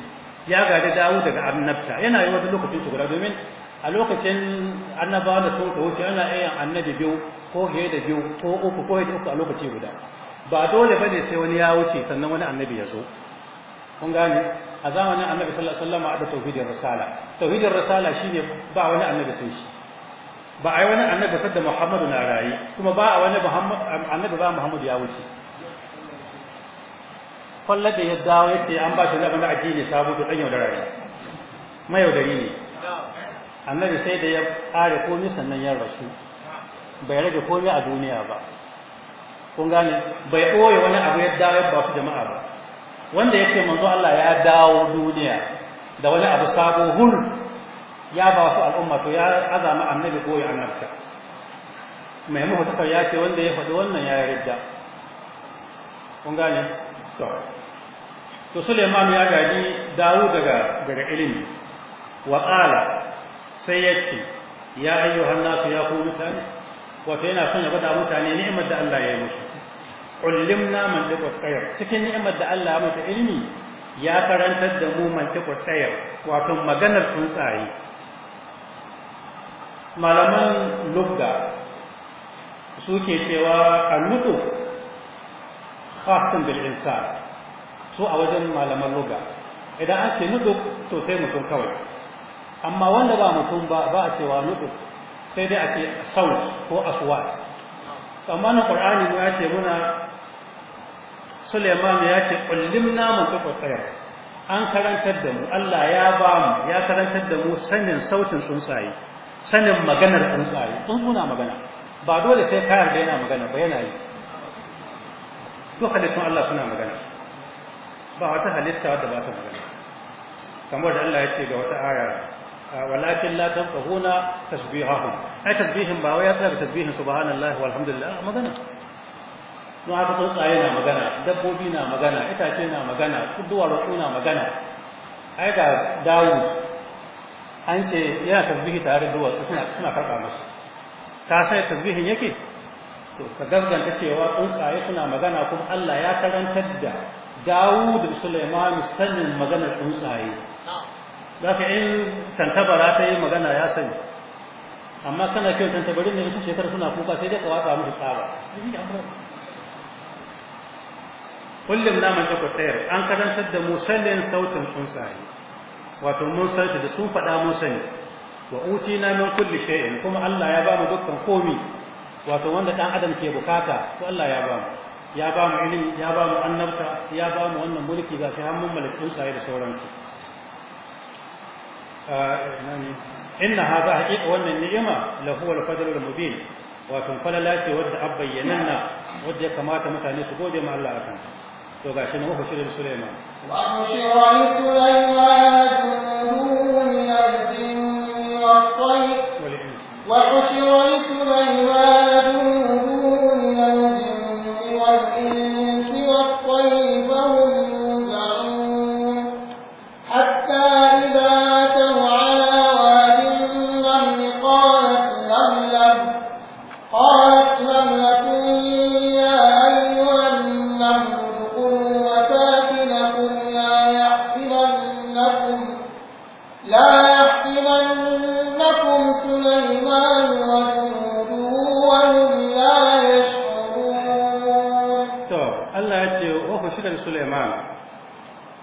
ya gadi dawo daga annabta yana yi wani lokacin su guda domin a lokacin annaba da sun wuce ana iya annabi biyu ko he da biyu ko uku ko da uku a lokaci guda ba dole ba ne sai wani ya wuce sannan wani annabi ya zo kun gane a zamanin annabi sallallahu alaihi wasallam da tauhidin risala tauhidin risala shine ba wani annabi sai shi ba ai wani annabi sadda Muhammadu na rayi kuma ba a wani annabi ba Muhammadu ya wuce Kwallo da ya dawo ya ce an ba shi labin addini sabu dan da ne mai ne annabi sai da ya kare komai sannan ya rasu bai rage komai a duniya ba kun gane bai ɓoye wani abu ya dawo ba su jama'a ba wanda ya ce manzo Allah ya dawo duniya da wani abu sabo hul ya ba su al'umma to ya azama annabi ɓoye annabta mai muhtasar ya ce wanda ya faɗi wannan ya yarda kun gane to Suleiman ya gaji dawo daga daga ilimi wa sai ya ce ya ayyuhan nasu ya ku mutane wato yana son ya bada mutane ni'imar da Allah ya yi musu ulimna man taqayyar cikin ni'imar da Allah ya mata ilimi ya karantar da mu man taqayyar wato maganar tsuntsaye malaman lugga suke cewa al-lutu bil insan So a wajen malaman luga idan an ce nuduk to sai mutum kawai amma wanda ba mutum ba ba a cewa nuduk sai dai a ce saut ko aswat amma na qur'ani ya ce muna Suleiman ya ce kullimna mun tuka tsaya an karantar da mu Allah ya ba mu ya karantar da mu sanin sautin tsuntsaye sanin maganar tsuntsaye tsuntsuna magana ba dole sai kayar da yana magana ba yana yi duk Allah suna magana ba wata halitta wadda ba ta magana kamar da Allah ya ce ga wata aya walakin la tafahuna tasbihahum ai tasbihin ba wai ya tsaya tasbihin subhanallahi walhamdulillah magana to haka tsuntsaye na magana dabbobi na magana itace na magana duwaro na magana ai ga dawo an ce yana tasbihi tare da duwatsu suna suna karɓa musu ta sai tasbihin yake to ka gaskanta cewa tsuntsaye suna magana kuma Allah ya karantar da Dawud da Sulaiman sanin maganar tsuntsaye zaka in tantabara ta yi magana ya sani amma kana kiran tantabarin ne mutum shekara suna kuka sai dai ka watsa musu tsaba kullum na manta ku tsayar an karantar da mu sanin sautin tsuntsaye wato mun san shi da sun faɗa mun sani wa na min kulli shay'in kuma Allah ya ba mu dukkan komi wato wanda dan adam ke bukata to Allah ya ba mu ya ba mu ilimi ya ba mu annabta ya ba mu wannan mulki ga shi hannun malakin saye da sauransu ah, inna hadha haqiqa wannan ni'ima la huwa al-fadlul mubin wato falala ce wadda abbayyanan na wadda ya kamata mutane su gode ma Allah akan to gashi na muku shirin Sulaiman wa mushira li Sulaiman junudu min al-jinni wa-tayr wa ushira li Sulaiman Suleiman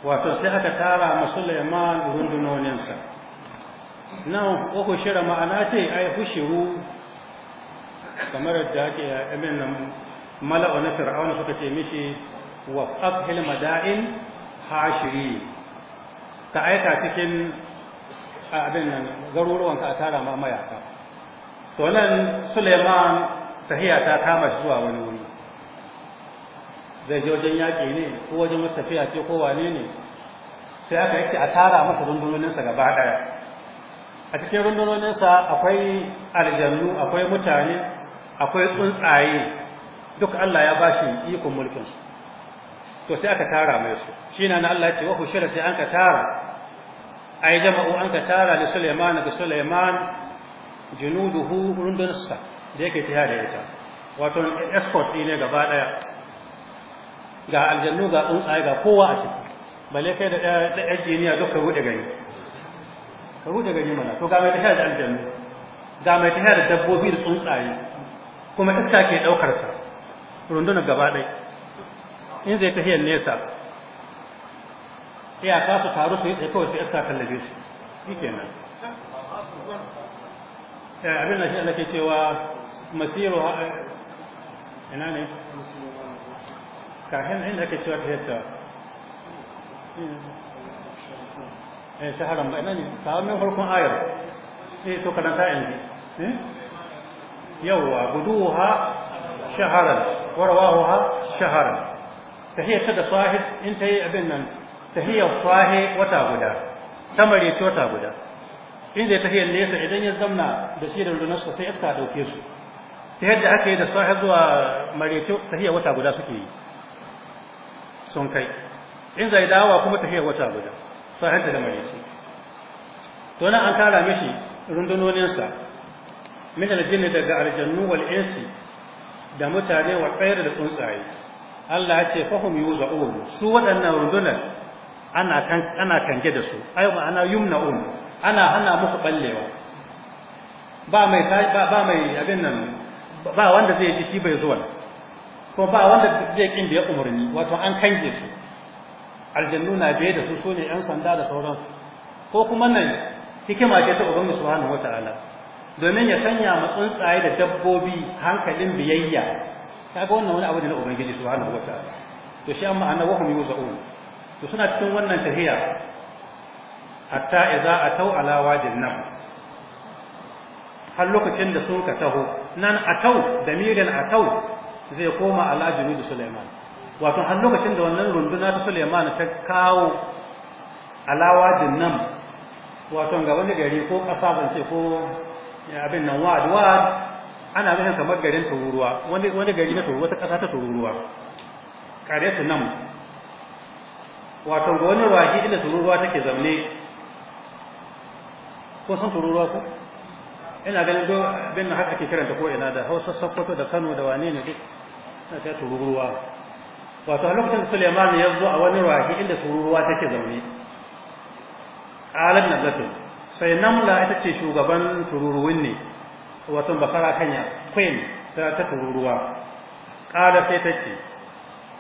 wato sai aka tara ma Suleiman rundunoninsa nan uku shira ma'ana ce ai hushiru kamar da ake amin nan um, mala'u na fir'auna suka ce mishi wa afhil mada'in hashiri ta aika cikin abin nan garuruwan ka tara ma mayaka to nan Suleiman tahiya ta kama zuwa wani wuri zai je wajen yaƙi ne ko wajen wata tafiya ce ko wane ne sai aka yake a tara masa rundunoninsa gaba ɗaya a cikin rundunoninsa akwai aljannu akwai mutane akwai tsuntsaye duk Allah ya ba shi ikon mulkin su to sai aka tara mai su shi na na Allah ya ce wa hushira sai an ka tara a yi jama'u an ka tara da Suleiman da Suleiman junuduhu rundunsa da yake tiya da ita wato escort ne gaba ɗaya ga aljannu ga tsuntsaye ga kowa a ciki balle kai da ɗaya jiniya duk ka ruɗe gari ka ruɗe gari mana to ga mai tafiya da aljannu ga mai tafiya da dabbobi da tsuntsaye kuma iska ke ɗaukarsa. sa rundunar gaba ɗai in zai tafiyar nesa ka su taru su yi tsaye kawai sai iska kallabe su shi kenan eh, abin da shi Allah ke cewa masiru ina ne كاحن عندك شوك هيتا eh shaharan ba nan samu farkon ayar eh to karanta inji eh yawa guduha shaharan warawaha shaharan tahiyata da sahih in ta yi abin nan tahiyar sahih wata guda tamare ce wata guda in zai tahiyar nesa idan ya zamna da shi da runarsa sai iska dauke su ta yadda aka yi da sahih zuwa marece tahiyar wata guda suke yi sun kai in zai dawa kuma tafiya wata guda sai hanta da mareci to nan an kara mishi rundunoninsa min aljin daga aljannu wal insi da mutane wa tsayar da tsuntsaye Allah ya ce fahum yuzaun su waɗannan rundunar ana kan ana kange da su ai ana yumnaun ana ana muku ballewa ba mai ba mai abin nan ba wanda zai ji shi bai zuwa ko ba wanda zai kin ya umarni wato an kange su aljannu na biye da su sune yan sanda da sauransu ko kuma nan hikima ce ta ubangiji subhanahu wataala domin ya sanya mu tsuntsaye da dabbobi hankalin biyayya kaga wannan wani abu ne na ubangiji subhanahu wataala to shi amma annabi wahum yuzaun to suna cikin wannan tahiya hatta idza atau ala wadin nam har lokacin da sun ka taho nan atau damirin atau zai koma ala junudu Suleiman. wato har lokacin da wannan runduna ta suleiman ta kawo alawa nan. wato ga wani gari ko ƙasa ban ce ko abin nan wa wa'ad ana ganin kamar garin tururuwa wani wani gari na tururuwa ta ƙasa ta tururuwa ƙaryatu nam wato ga wani rahi inda tururuwa take zaune ko san tururuwa ko ina ganin don bin haka ke karanta ko ina da hausa sakkwato da kano da wane ne duk na ta tururuwa wato a lokacin suleiman ya zo a wani rahi inda tururuwa take zaune alam zato sai namla ita ce shugaban tururuwin ne wato bakara kanya queen ta ta tururuwa kala sai ta ce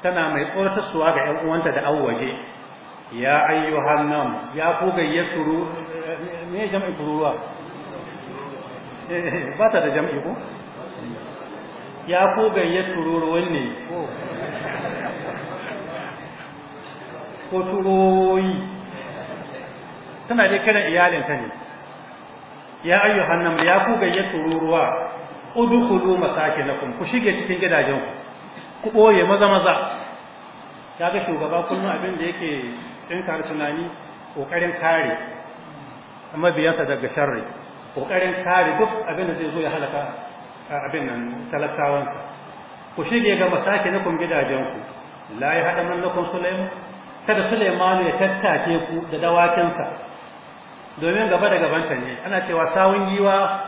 tana mai tsoratarsuwa ga ƴan uwanta da awwaje ya ayyuhan nam ya ku gayyar turu eh, me jama'in tururuwa Eh, ba ta da jam'i ko ya ko gayyar tururuwan ne ko turoyi tana dai kiran iyalinta ne ya ayyuhan nam ya ku gayyar tururuwa udkhulu masakinakum ku shige cikin gidajen ku boye maza maza Ya ga shugaba kullum abin da yake tsinkar tunani kokarin kare mabiyansa daga sharri ƙoƙarin kare duk abin da zai zo ya halaka abin nan talakawansa ku shige ga masaki na kun gidajenku la ya haɗa mallakon sulaiman kada sulaimanu ya tattake ku da dawakinsa domin gaba da gabanta ne ana cewa sawun giwa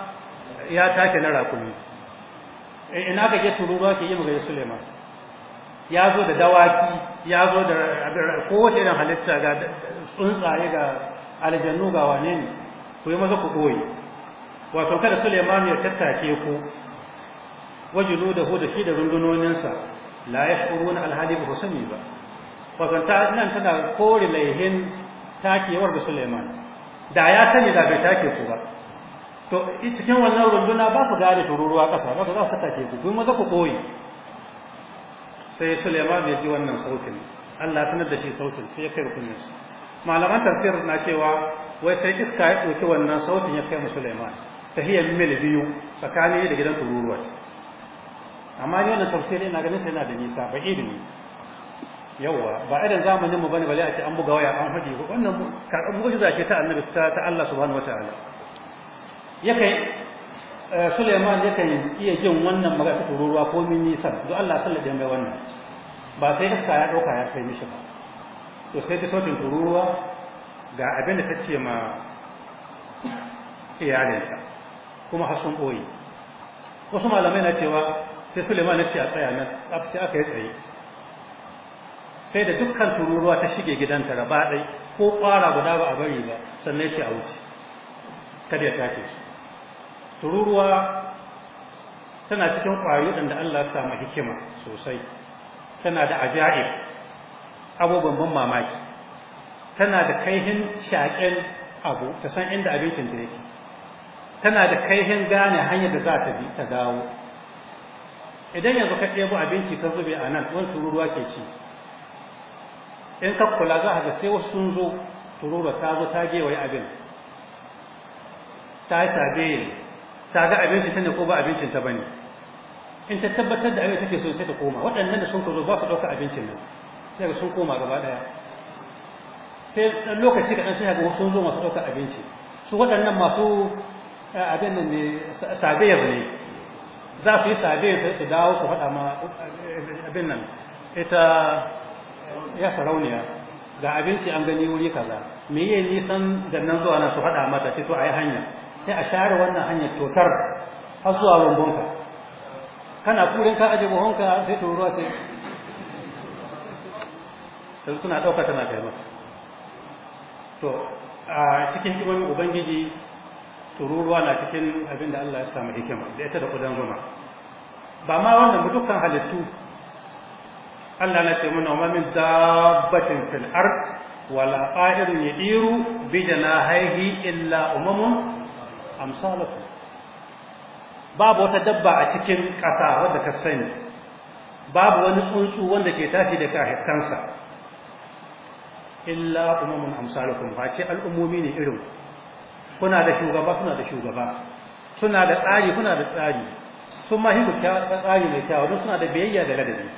ya take na rakumi eh, ina ka ke tururuwa ke yi magana sulaiman ya zo da dawaki ya zo da kowace irin halitta ga tsuntsaye ga aljannu ga wane ne ku yi maza ku koyi wato kada Suleiman ya tattake ku wajulu da hu da shi da rundunoninsa la yashuruna alhadi ba sani ba wato ta nan tana kore laihin takewar da Suleiman da ya sani da bai take ku ba to cikin wannan runduna ba ku gane tururuwa kasa ba za ku tattake ku kuma za ku koyi sai Suleiman ya ji wannan sautin Allah sanar da shi sautin sai ya kai rukuninsa malaman tafsir na cewa wai sai iska ya ɗauki wannan sautin ya kai mu Suleiman sahiyar mil biyu tsakanin da gidan tururuwa amma ne wannan tafsiri na ganin sai na da nisa ba ne yawa ba irin zamanin mu bane bale a ce an buga waya an hadi wannan karɓar mushi zace ta annabi ta ta Allah subhanahu wataala yakan eh, Suleiman yakan iya jin wannan magana ta tururuwa ko min nisan don Allah sallallahu alaihi mai wannan ba sai iska ya ɗauka ya kai mishi ba to sai ta sautin tururuwa ga abin da ta ce ma iyalinsa kuma hasun boye wasu malamai na cewa sai suleiman na ce a tsaya nan sai aka yi tsaye sai da dukkan tururuwa ta shige gidanta raba ɗai ko ƙwara guda ba a bari ba sannan ya ce a wuce kada ya take su tururuwa tana cikin ƙwari waɗanda Allah ya samu hikima sosai tana da ajaib abubuwan ban mamaki tana da kaihin shaƙen abu ta san inda abincin ta yake tana da kaihin gane hanyar da za ta bi ta dawo idan yanzu ka ɗebo abinci ka zube a nan wani tururuwa ke ci in ka kula za a ga sai wasu sun zo tururuwa ta zo ta gewaye abin ta yi sabe ta ga abinci ta ne ko ba abincin ta bane in ta tabbatar da abin take so sai ta koma waɗannan da sun ka zo ba su ɗauka abincin nan sai sun koma gaba ɗaya sai lokaci kaɗan sai ga wasu sun zo masu ɗauka abinci su waɗannan masu Eh, abin nan ne sabiyar ne za su yi sabiyar su dawo su faɗa ma eh, abin nan ita eh, ya sarauniya ga abinci an gani wuri kaza me yi nisan da nan zuwa nan su faɗa mata sai to a yi hanya sai a share wannan hanyar totar har zuwa rumbunka kana kurin ka aje buhunka sai to ruwa sai sai suna ɗauka tana kai to a cikin hikimomin ubangiji tururuwa na cikin abin da Allah ya samu hikima da ita da kudan zuma ba ma wannan ba dukkan halittu Allah na ce mana wa min dabbatin fil ard wala qa'irin yadiru bi janahihi illa umamun amsalukum babu wata dabba a cikin ƙasa wadda ka sani babu wani tsuntsu wanda ke tashi da kahikansa illa umamun amsalukum ba ce al'ummomi ne irin kuna da shugaba suna da shugaba suna da tsari kuna da tsari sun ma da tsari mai kyawa don suna da biyayya da ladabi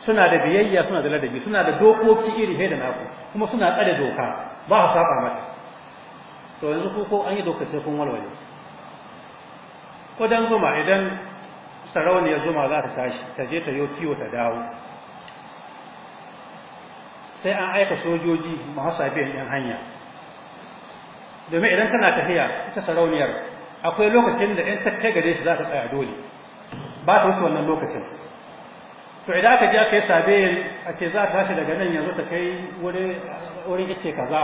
suna da biyayya suna da ladabi suna da dokoki iri da naku kuma suna tsare doka ba su saba mata to yanzu ko ko an yi doka sai kun walwale kudan zuma idan sarauniyar zuma za ta tashi ta je ta yi kiwo ta dawo sai an aika sojoji masu sabiyan yan hanya domin idan kana tafiya ita sarauniyar akwai lokacin da in ta kai gare shi za ta tsaya dole ba ta wuce wannan lokacin to idan aka je aka yi sabe a ce za ta tashi daga nan yanzu ta kai wurin ice kaza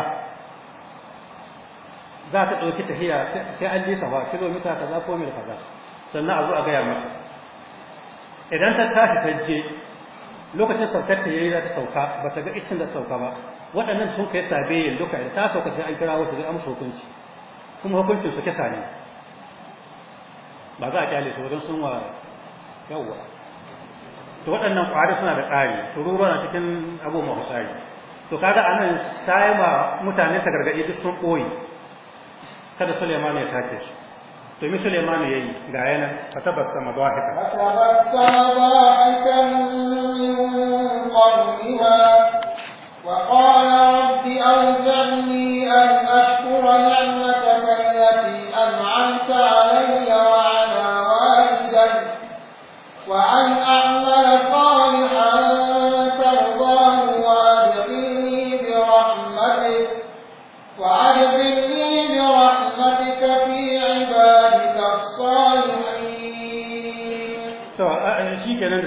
za ta ɗauki tafiya sai an lisa ba ta kaza ko da kaza sannan a zo a gaya masa idan ta tashi ta je lokacin saukar ta yayi za ta sauka ba ta ga itin da sauka ba waɗannan sun kai sabe duka da ta sauka sai an kira wasu ga amsa hukunci kuma hukuncin su kisa ne ba za a kyale su wajen sun wa yawwa to waɗannan ƙwari suna da ƙari tururuwa na cikin abubuwan husari to kaga anan ta yi ma mutane ta gargaɗi duk sun ɓoye kada Suleiman ya tace shi بمثل ما نيجي دعينا فتبسم ضاحكا فتبسم ضاحكا من قلبها وقال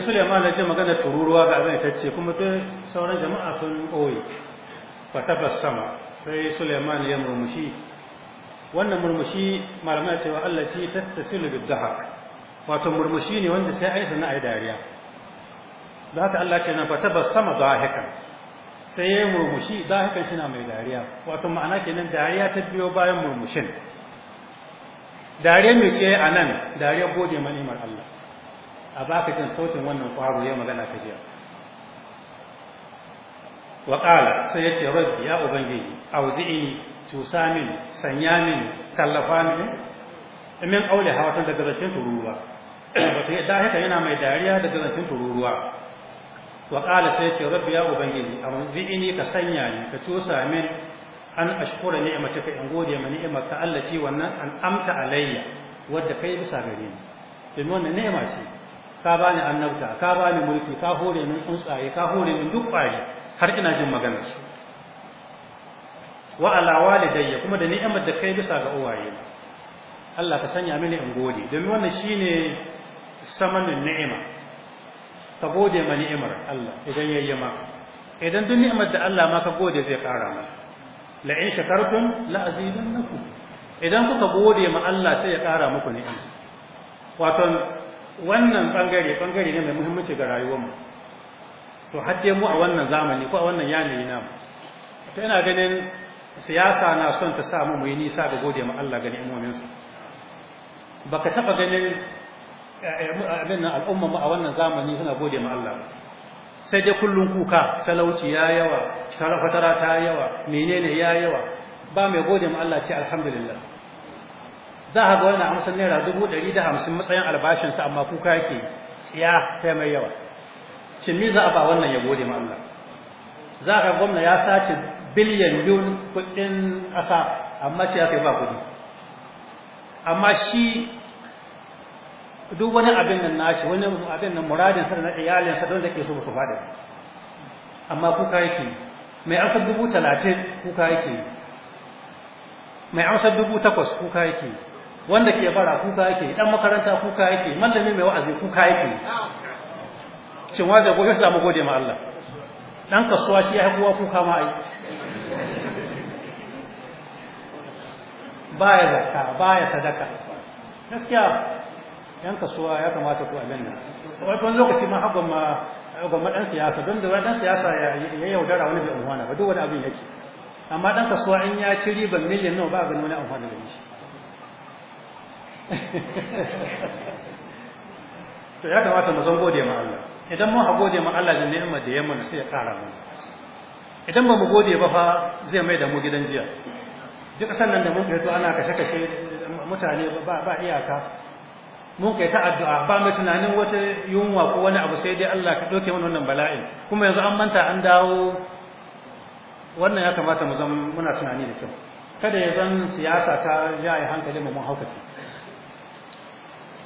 Suleiman ya ce magana tururuwa ga abin ta ce kuma sai sauran jama'a sun ɓoye tabbas sama sai Suleiman ya murmushi wannan murmushi malamai cewa Allah ce tattasilu bidhahak wato murmushi ne wanda sai ayi na ayi dariya da haka Allah ce na tabbas sama dahikan sai ya murmushi dahikan shi na mai dariya wato ma'ana kenan dariya ta biyo bayan murmushin dariya mai ce anan dariya gode mani ni'imar Allah a baka jin sautin wannan kwaro ya magana ka jiya wa ƙala sai ce, rabbi ya ubangiji auzi'ini tusa min sanya min tallafa min min aure hawatan daga zancen tururuwa wato da haka yana mai dariya daga zancen tururuwa wa ƙala sai ce, rabbi ya ubangiji auzi'ini ka sanya ni ka tusa min an ashkura ka in gode ma Allah ci wannan an amta alayya wadda kai bisa gare ni domin wannan ni'ima ce ka bani annabta ka bani mulki ka hore min tsuntsaye ka hore min duk ƙwari har ina jin magana. su wa ala walidayya kuma da ni'imar da kai bisa ga uwaye Allah ka sanya mini in gode domin wannan shine samanin ni'ima ka gode ma ni'imar Allah idan yayi ma idan duk ni'imar da Allah ma ka gode zai ƙara ma la in shakartum la azidannakum idan kuka gode ma Allah sai ya ƙara muku ni'ima wato wannan bangare bangare ne mai muhimmanci ga rayuwarmu to hadde mu a wannan zamani ko a wannan yanayi na to ina ganin siyasa na son ta sa mu mu yi nisa ga gode ma Allah ga imomin sa baka taba ganin eh, eh, abin al'umma mu a wannan zamani suna gode ma Allah sai dai kullun kuka talauci ya yawa fatara ta yawa menene ya yawa ba mai gode ma Allah ce alhamdulillah za a ga wani amsar naira dubu dari da hamsin matsayin albashinsa amma kuka yake tsiya ta mai yawa shin me za a ba wannan ya gode ma Allah za ka gwamna ya sace biliyan biyun kuɗin ƙasa amma ce ya kai ba kuɗi amma shi duk wani abin nan nashi wani abin nan muradin sa na iyalin sa don da ke so su faɗi amma kuka yake mai amsa dubu talatin kuka yake mai amsa dubu takwas kuka yake wanda ke fara kuka yake dan makaranta kuka yake mallami mai wa'azi kuka yake cin waje gobe sai mu gode ma Allah dan kasuwa shi ya kuwa kuka ma ai baya ka baya sadaka gaskiya yan kasuwa ya kamata ku abin sai wani lokaci ma hakan ma hagon dan siyasa don da dan siyasa ya yaudara wani bai unwana ba duk wani abin yake amma dan kasuwa in ya ci riban miliyan nawa ba ga wani amfani da shi to ya kamata mu san gode ma Allah idan mu ha gode ma Allah da ni'ima da yamma sai ya tsara mu idan ba mu gode ba fa zai mai da mu gidan jiya duk sannan da mun kai to ana kashe kashe mutane ba ba iyaka mun kai ta addu'a ba mu tunanin wata yunwa ko wani abu sai dai Allah ka doke mana wannan bala'in kuma yanzu an manta an dawo wannan ya kamata mu zama muna tunani da kyau kada ya zan siyasa ta jaye hankali mu mun haukace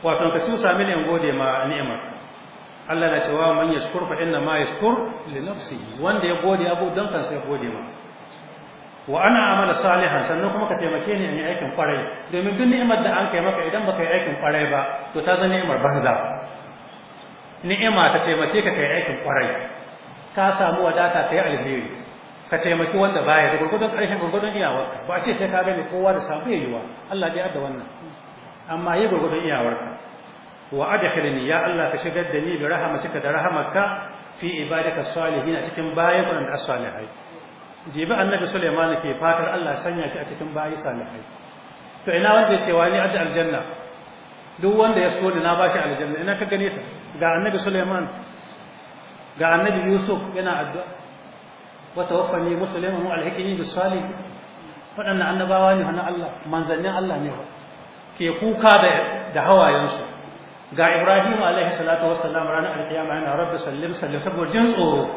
wato ka tusa mini in gode ma ni'imar Allah na cewa man yashkur fa inna ma yashkur li nafsi wanda ya gode abu dan kansa ya gode ma wa ana amala salihan sannan kuma ka taimake ni in yi aikin kwarai domin duk ni'imar da an kai maka idan baka yi aikin kwarai ba to ta zama ni'imar banza ni'ima ta taimake ka kai aikin kwarai ka samu wadata yi alheri ka taimaki wanda baya da gurgudun karshen gurgudun iyawa ba a ce sai ka gani kowa da samu yiwa. Allah dai adda wannan amma yi gurgudun iyawarka wa adkhilni ya Allah ka shigar da ni bi rahmatika da rahmatka fi ibadika salihin a cikin bayan da as-salihai jibi annabi Sulaiman ke fatar Allah sanya shi a cikin bayi salihai to ina wanda ya ce wani adda aljanna duk wanda ya so ni na baki aljanna ina ka gane ta ga annabi Sulaiman ga annabi Yusuf yana addu'a wa tawaffani musliman wa alhiqni bis salih fadanna annabawa ne na Allah manzannin Allah ne ke kuka da hawayensu ga Ibrahim alaihi salatu wassalam ranar alkiyama yana rabbi sallim sallim saboda jin tsoro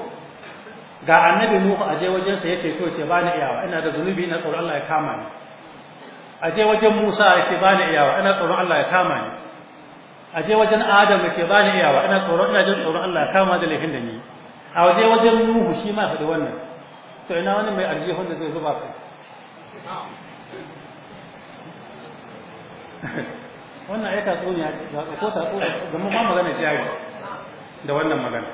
ga annabi Nuhu a je wajen sa yace to ce bani iyawa ina da zunubi ina tsoron Allah ya kama ni a je wajen Musa yace bani iyawa ina tsoron Allah ya kama ni a je wajen Adam yace bani iyawa ina tsoron ina jin tsoron Allah ya kama da laifin da ni a waje wajen Nuhu shi ma faɗi wannan to ina wani mai arziki da zai zuba kai wannan ai tatsuniya ko tatsuniya zama ma magana shari da wannan magana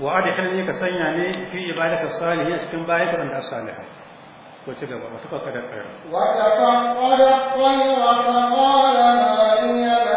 wa adkhilni ka sanya ne fi ibadaka salihin cikin bayan da salihai ko ci gaba wata kakkada kayar wa taqaddara qala qala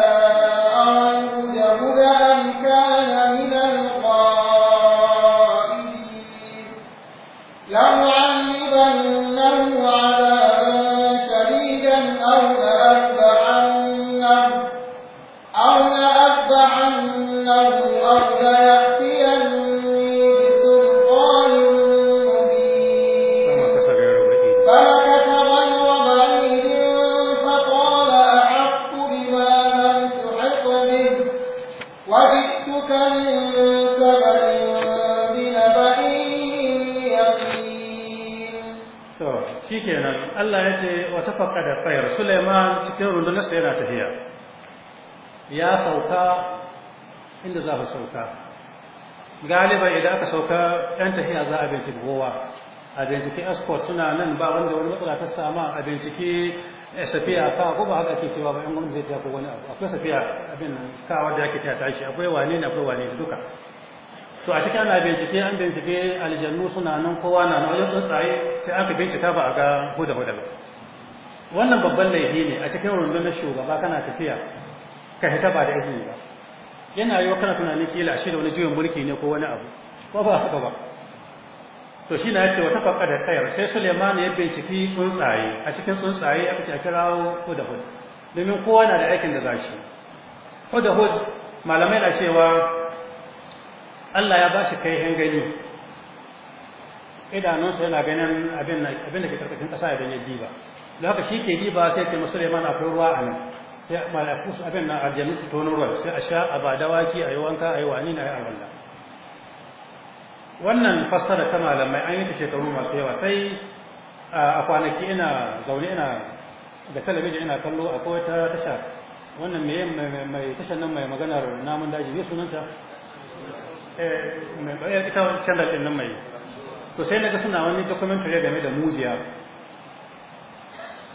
to kenan Allah ya ce wa da fayar Suleiman cikin rundunar sa yana tafiya ya sauka inda za ku sauka galiba idan aka sauka yan tafiya za a binciki gowa a binciki escort suna nan ba wanda wani matsala ta sama a binciki eh, safiya ka ko ba haka ake cewa ba yan gwamnati zai ta ko wani abu akwai safiya abin kawar da ake ta tashi akwai wane ne akwai wane duka to a cikin ana bincike an bincike aljannu suna nan kowa na nan wajen tsuntsaye sai aka bincika ba a ga huda huda ba wannan babban laifi ne a cikin rundunar shugaba kana tafiya ka fita ba da izini ba yana wa kana tunanin kila shi da wani juyin mulki ne ko wani abu ko ba haka ba to shi na ya ce wata fakka da kayar sai suleiman ya binciki tsuntsaye a cikin tsuntsaye aka ce a kirawo hudahud domin kowa na da aikin da za shi hudahud malamai na cewa Allah ya shi kai yan gani idanunsa yana ganin abin da ke karkashin ƙasa idan ya diba da haka shi ke diba sai ce masu Suleiman akwai ruwa a nan sai su abin nan aljanu su tono ruwa sai a sha a ba a yi wanka a yi wani na yi alwala wannan fassara ta malamai an yi ta shekaru masu yawa sai a kwanaki ina zaune ina da talabijin ina kallo akwai ta tasha wannan mai tashar nan mai maganar namun daji ne sunanta Eh, ita channel din nan mai to sai naga suna wani documentary game da mujiya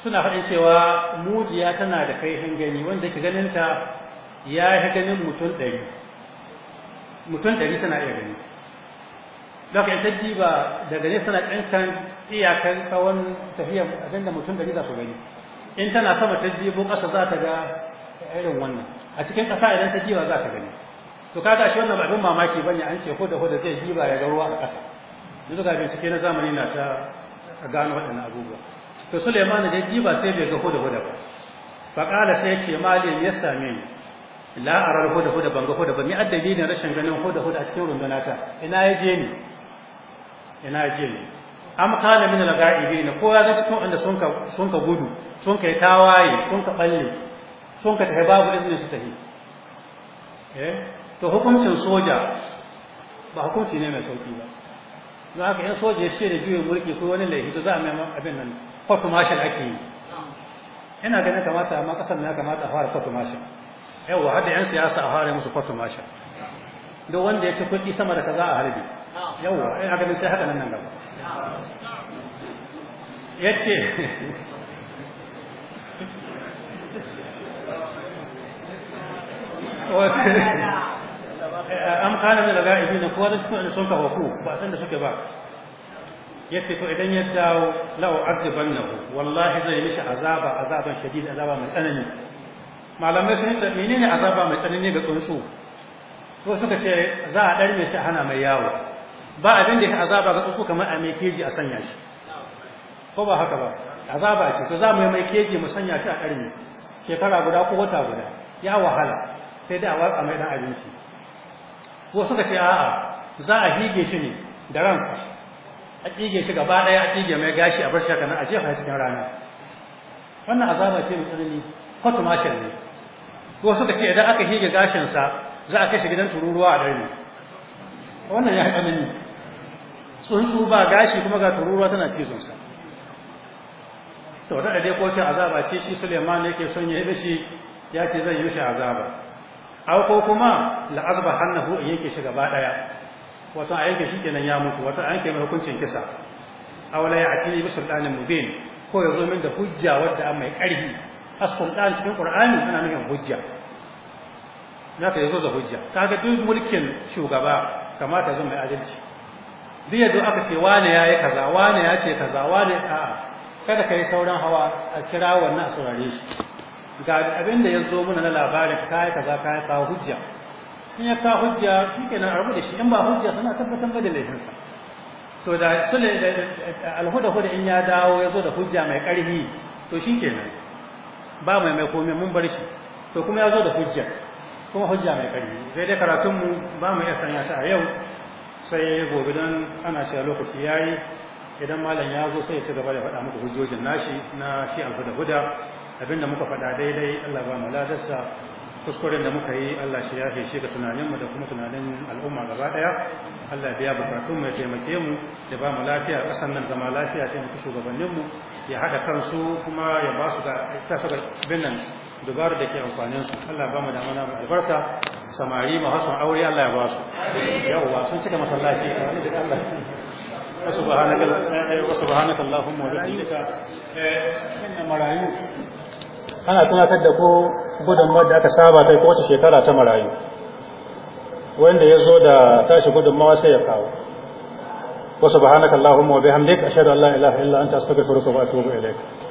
suna faɗin cewa mujiya tana da kai gani wanda ke ganinta ya yi ganin mutum ɗari mutum ɗari tana iya gani don ka yi ba daga ne tana tsinkan iyakar tsawon tafiyar da mutum ɗari za su gani in tana sama ta jibo ƙasa za ta ga irin wannan a cikin ƙasa idan ta jiwa za ta gani to kaga shi wannan abin mamaki bane an ce hoda hoda zai diba ya ga ruwa a ƙasa yanzu ga bincike na zamani na ta gano waɗannan abubuwa to Sulaiman da ya diba sai bai ga hoda hoda ba fa kala sai ya ce malin ya same ni la aral hoda hoda ban ga hoda ba ni addali ne rashin ganin hoda hoda a cikin runduna ta ina ya je ni ina ya je ni am kana min al-ga'ibin ko ya ga cikin wanda sun ka sun ka gudu sun kai tawaye sun ka balle sun ka tafi babu izinin su tafi eh to hukuncin soja ba hukunci ne mai sauki ba za ka yan soja ya da juyin mulki ko wani laifi to za a mai abin nan kwatu mashin ake yi ina ganin kamata amma kasar na kamata a fara kwatu mashin yawwa har da yan siyasa a fara musu kwatu mashin don wanda ya ci kuɗi sama da kaza a harbi yawwa ina ganin sai haka nan nan gaba ya ce wasu Eh, an kana da al-ghaibin ko da ne da sauka ku ba san da suke ba yace to idan ya dawo law azibannahu wallahi zai mishi azaba azaban shadid azaba mai tsanani malamai sun ce menene azaba mai tsanani ga tsunsu ko suka ce za a dare shi hana mai yawo ba abin da ya azaba ga tsunsu kamar a mai keji a sanya shi ko ba haka ba azaba ce to za mu mai keji mu sanya shi a dare shekara guda ko wata guda ya wahala sai da a watsa mai dan abinci ko suka ce a'a za a hige shi ne da ransa a tsige shi gaba ɗaya a tsige mai gashi a bar shi kana a jefa cikin rana wannan azaba ce mai tsanani kwatu mashin ne ko suka ce idan aka hige gashin sa za a kashe gidan tururuwa a dare wannan ya tsanani tsuntsu ba gashi kuma ga tururuwa tana cizon sa to da dai ko shi azaba ce shi Suleiman yake son ya yi shi ya ce zai yi shi azaba aw ko kuma la azba hannahu in yake shi gaba daya wato a yanke shi kenan ya mutu wato a yanke hukuncin kisa aw la ya'ti bi sultanin mubin ko ya zo min da hujja wadda an mai karfi as-sultan cikin qur'ani ana nuna hujja naka yazo da hujja kaga duk mulkin shugaba kamata zan mai adalci duk yadda aka ce wane yayi kaza wane ya ce kaza wane a'a kada kai sauran hawa a kira wannan a saurare shi ga abin da ya zo muna na labarin kaya kaza yi kawo hujja in ya kawo hujja shi ke nan arbu da shi in ba hujja suna tabbatar ba da laifinsa to da sule da alhuda-huda in ya dawo ya zo da hujja mai ƙarfi to shi ke nan ba mai mai komai mun bar shi to kuma ya zo da hujja kuma hujja mai ƙarfi sai dai karatunmu ba mu iya sanya ta a yau sai gobe don ana cewa lokaci ya yi idan malam ya zo sai ya ci gaba da faɗa muku hujjojin nashi na shi alhuda-huda abinda muka faɗa daidai Allah ba mu ladarsa kuskuren da muka yi Allah shi yafe shi ga tunaninmu da kuma tunanin al'umma gaba ɗaya Allah biya bukatun mu ya taimake mu da ba mu lafiya ƙasar nan zama lafiya ta muku shugabanninmu ya haɗa kansu kuma ya ba su ga sa su ga binnan dubaru da ke amfanin su Allah ba mu damana mu albarka samari ma hasan aure Allah ya ba su yawwa sun cika masallaci wani da Allah subhanaka wa subhanaka allahumma wa bihamdika eh, inna marayu ana tunatar da ko gudunmawar da aka saba kai kowace shekara ta marayu wanda ya zo da tashi gudunmawa sai ya kawo wasu subhanakallahumma wa bihamdika ashhadu an la ilaha illa anta astaghfiruka wa atubu ilaik